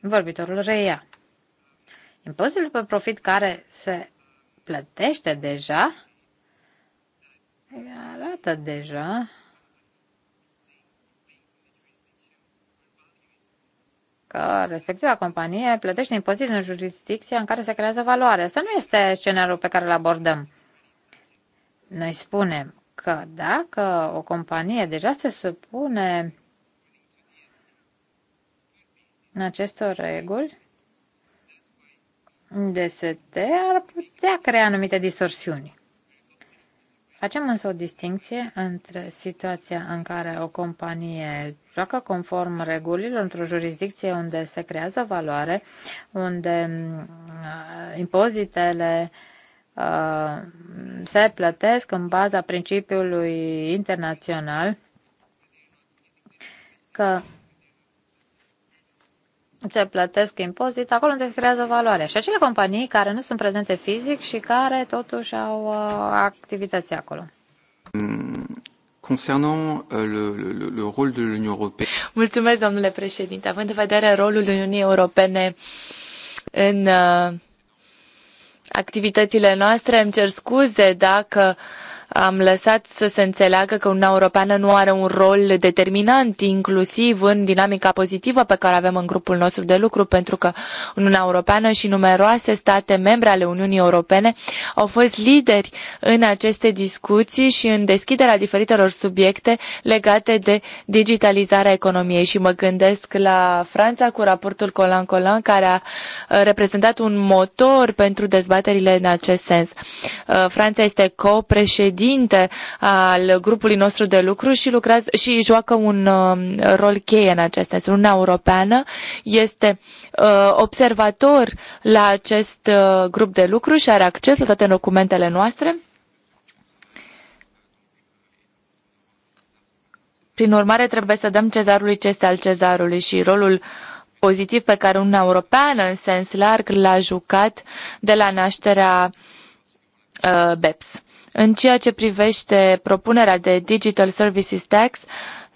Vorbitorul reia. Impozitul pe profit care se plătește deja arată deja că respectiva companie plătește impozit în jurisdicția în care se creează valoare. Asta nu este scenariul pe care îl abordăm. Noi spunem că dacă o companie deja se supune acestor reguli DST ar putea crea anumite distorsiuni. Facem însă o distinție între situația în care o companie joacă conform regulilor într-o jurisdicție unde se creează valoare, unde uh, impozitele uh, se plătesc în baza principiului internațional că se plătesc impozit acolo unde se creează valoare. Și acele companii care nu sunt prezente fizic și care totuși au uh, activități acolo. Mm, Concernant uh, le, le, le rol de l'Union Européenne. Mulțumesc, domnule președinte. Având în vedere rolul Uniunii Europene în uh, activitățile noastre, îmi cer scuze dacă uh, am lăsat să se înțeleagă că Uniunea Europeană nu are un rol determinant, inclusiv în dinamica pozitivă pe care avem în grupul nostru de lucru, pentru că Uniunea Europeană și numeroase state membre ale Uniunii Europene au fost lideri în aceste discuții și în deschiderea diferitelor subiecte legate de digitalizarea economiei. Și mă gândesc la Franța cu raportul Colan Colan, care a reprezentat un motor pentru dezbaterile în acest sens. Uh, Franța este co-președinte al grupului nostru de lucru și, lucrează, și joacă un uh, rol cheie în acest sens. Uniunea Europeană este uh, observator la acest grup de lucru și are acces la toate documentele noastre. Prin urmare, trebuie să dăm cezarului ce este al cezarului și rolul pozitiv pe care Uniunea Europeană, în sens larg, l-a jucat de la nașterea Uh, BEPS. În ceea ce privește propunerea de Digital Services Tax,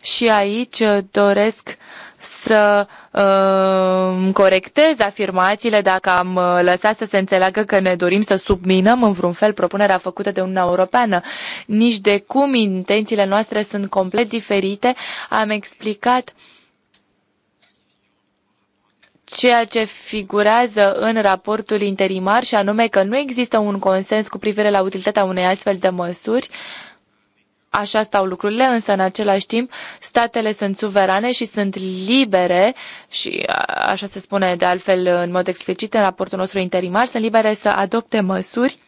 și aici uh, doresc să uh, corectez afirmațiile dacă am uh, lăsat să se înțeleagă că ne dorim să subminăm în vreun fel propunerea făcută de Uniunea Europeană. Nici de cum intențiile noastre sunt complet diferite. Am explicat uh, ceea ce figurează în raportul interimar și anume că nu există un consens cu privire la utilitatea unei astfel de măsuri. Așa stau lucrurile, însă în același timp statele sunt suverane și sunt libere și așa se spune de altfel în mod explicit în raportul nostru interimar, sunt libere să adopte măsuri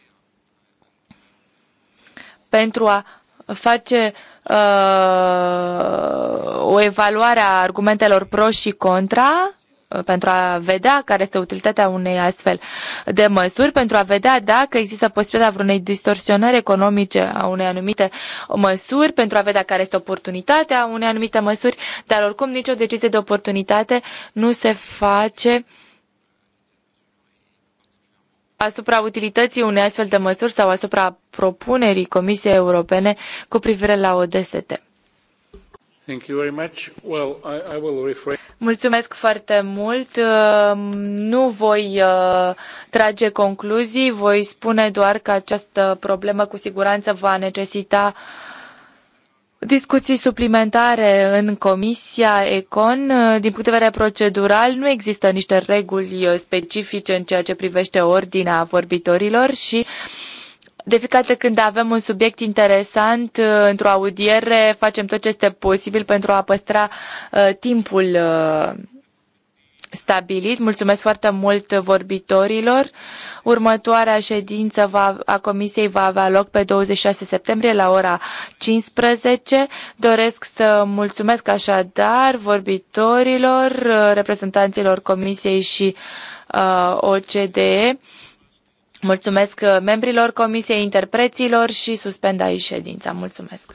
pentru a face uh, o evaluare a argumentelor pro și contra Uh, pentru a vedea care este utilitatea unei astfel de măsuri, pentru a vedea dacă există posibilitatea vreunei distorsionări economice a unei anumite măsuri, pentru a vedea care este oportunitatea unei anumite măsuri, dar oricum nicio decizie de oportunitate nu se face asupra utilității unei astfel de măsuri sau asupra propunerii Comisiei Europene cu privire la ODST. Thank you very much. Well, I, I will refrain. Mulțumesc foarte mult. Ehm, nu voi ehm, trage concluzii, voi spune doar că această problemă cu siguranță va necesita discuții suplimentare în Comisia Econ. Din punct de vedere procedural, nu există niște reguli specifice în ceea ce privește ordinea vorbitorilor și de fiecare dată când avem un subiect interesant uh, într-o audiere, facem tot ce este posibil pentru a păstra uh, timpul uh, stabilit. Mulțumesc foarte mult vorbitorilor. Următoarea ședință va, a Comisiei va avea loc pe 26 septembrie la ora 15. Doresc să mulțumesc așadar vorbitorilor, reprezentanților Comisiei și uh, OCDE. Mulțumesc uh, membrilor comisiei, interpreților și suspend aici ședința. Mulțumesc!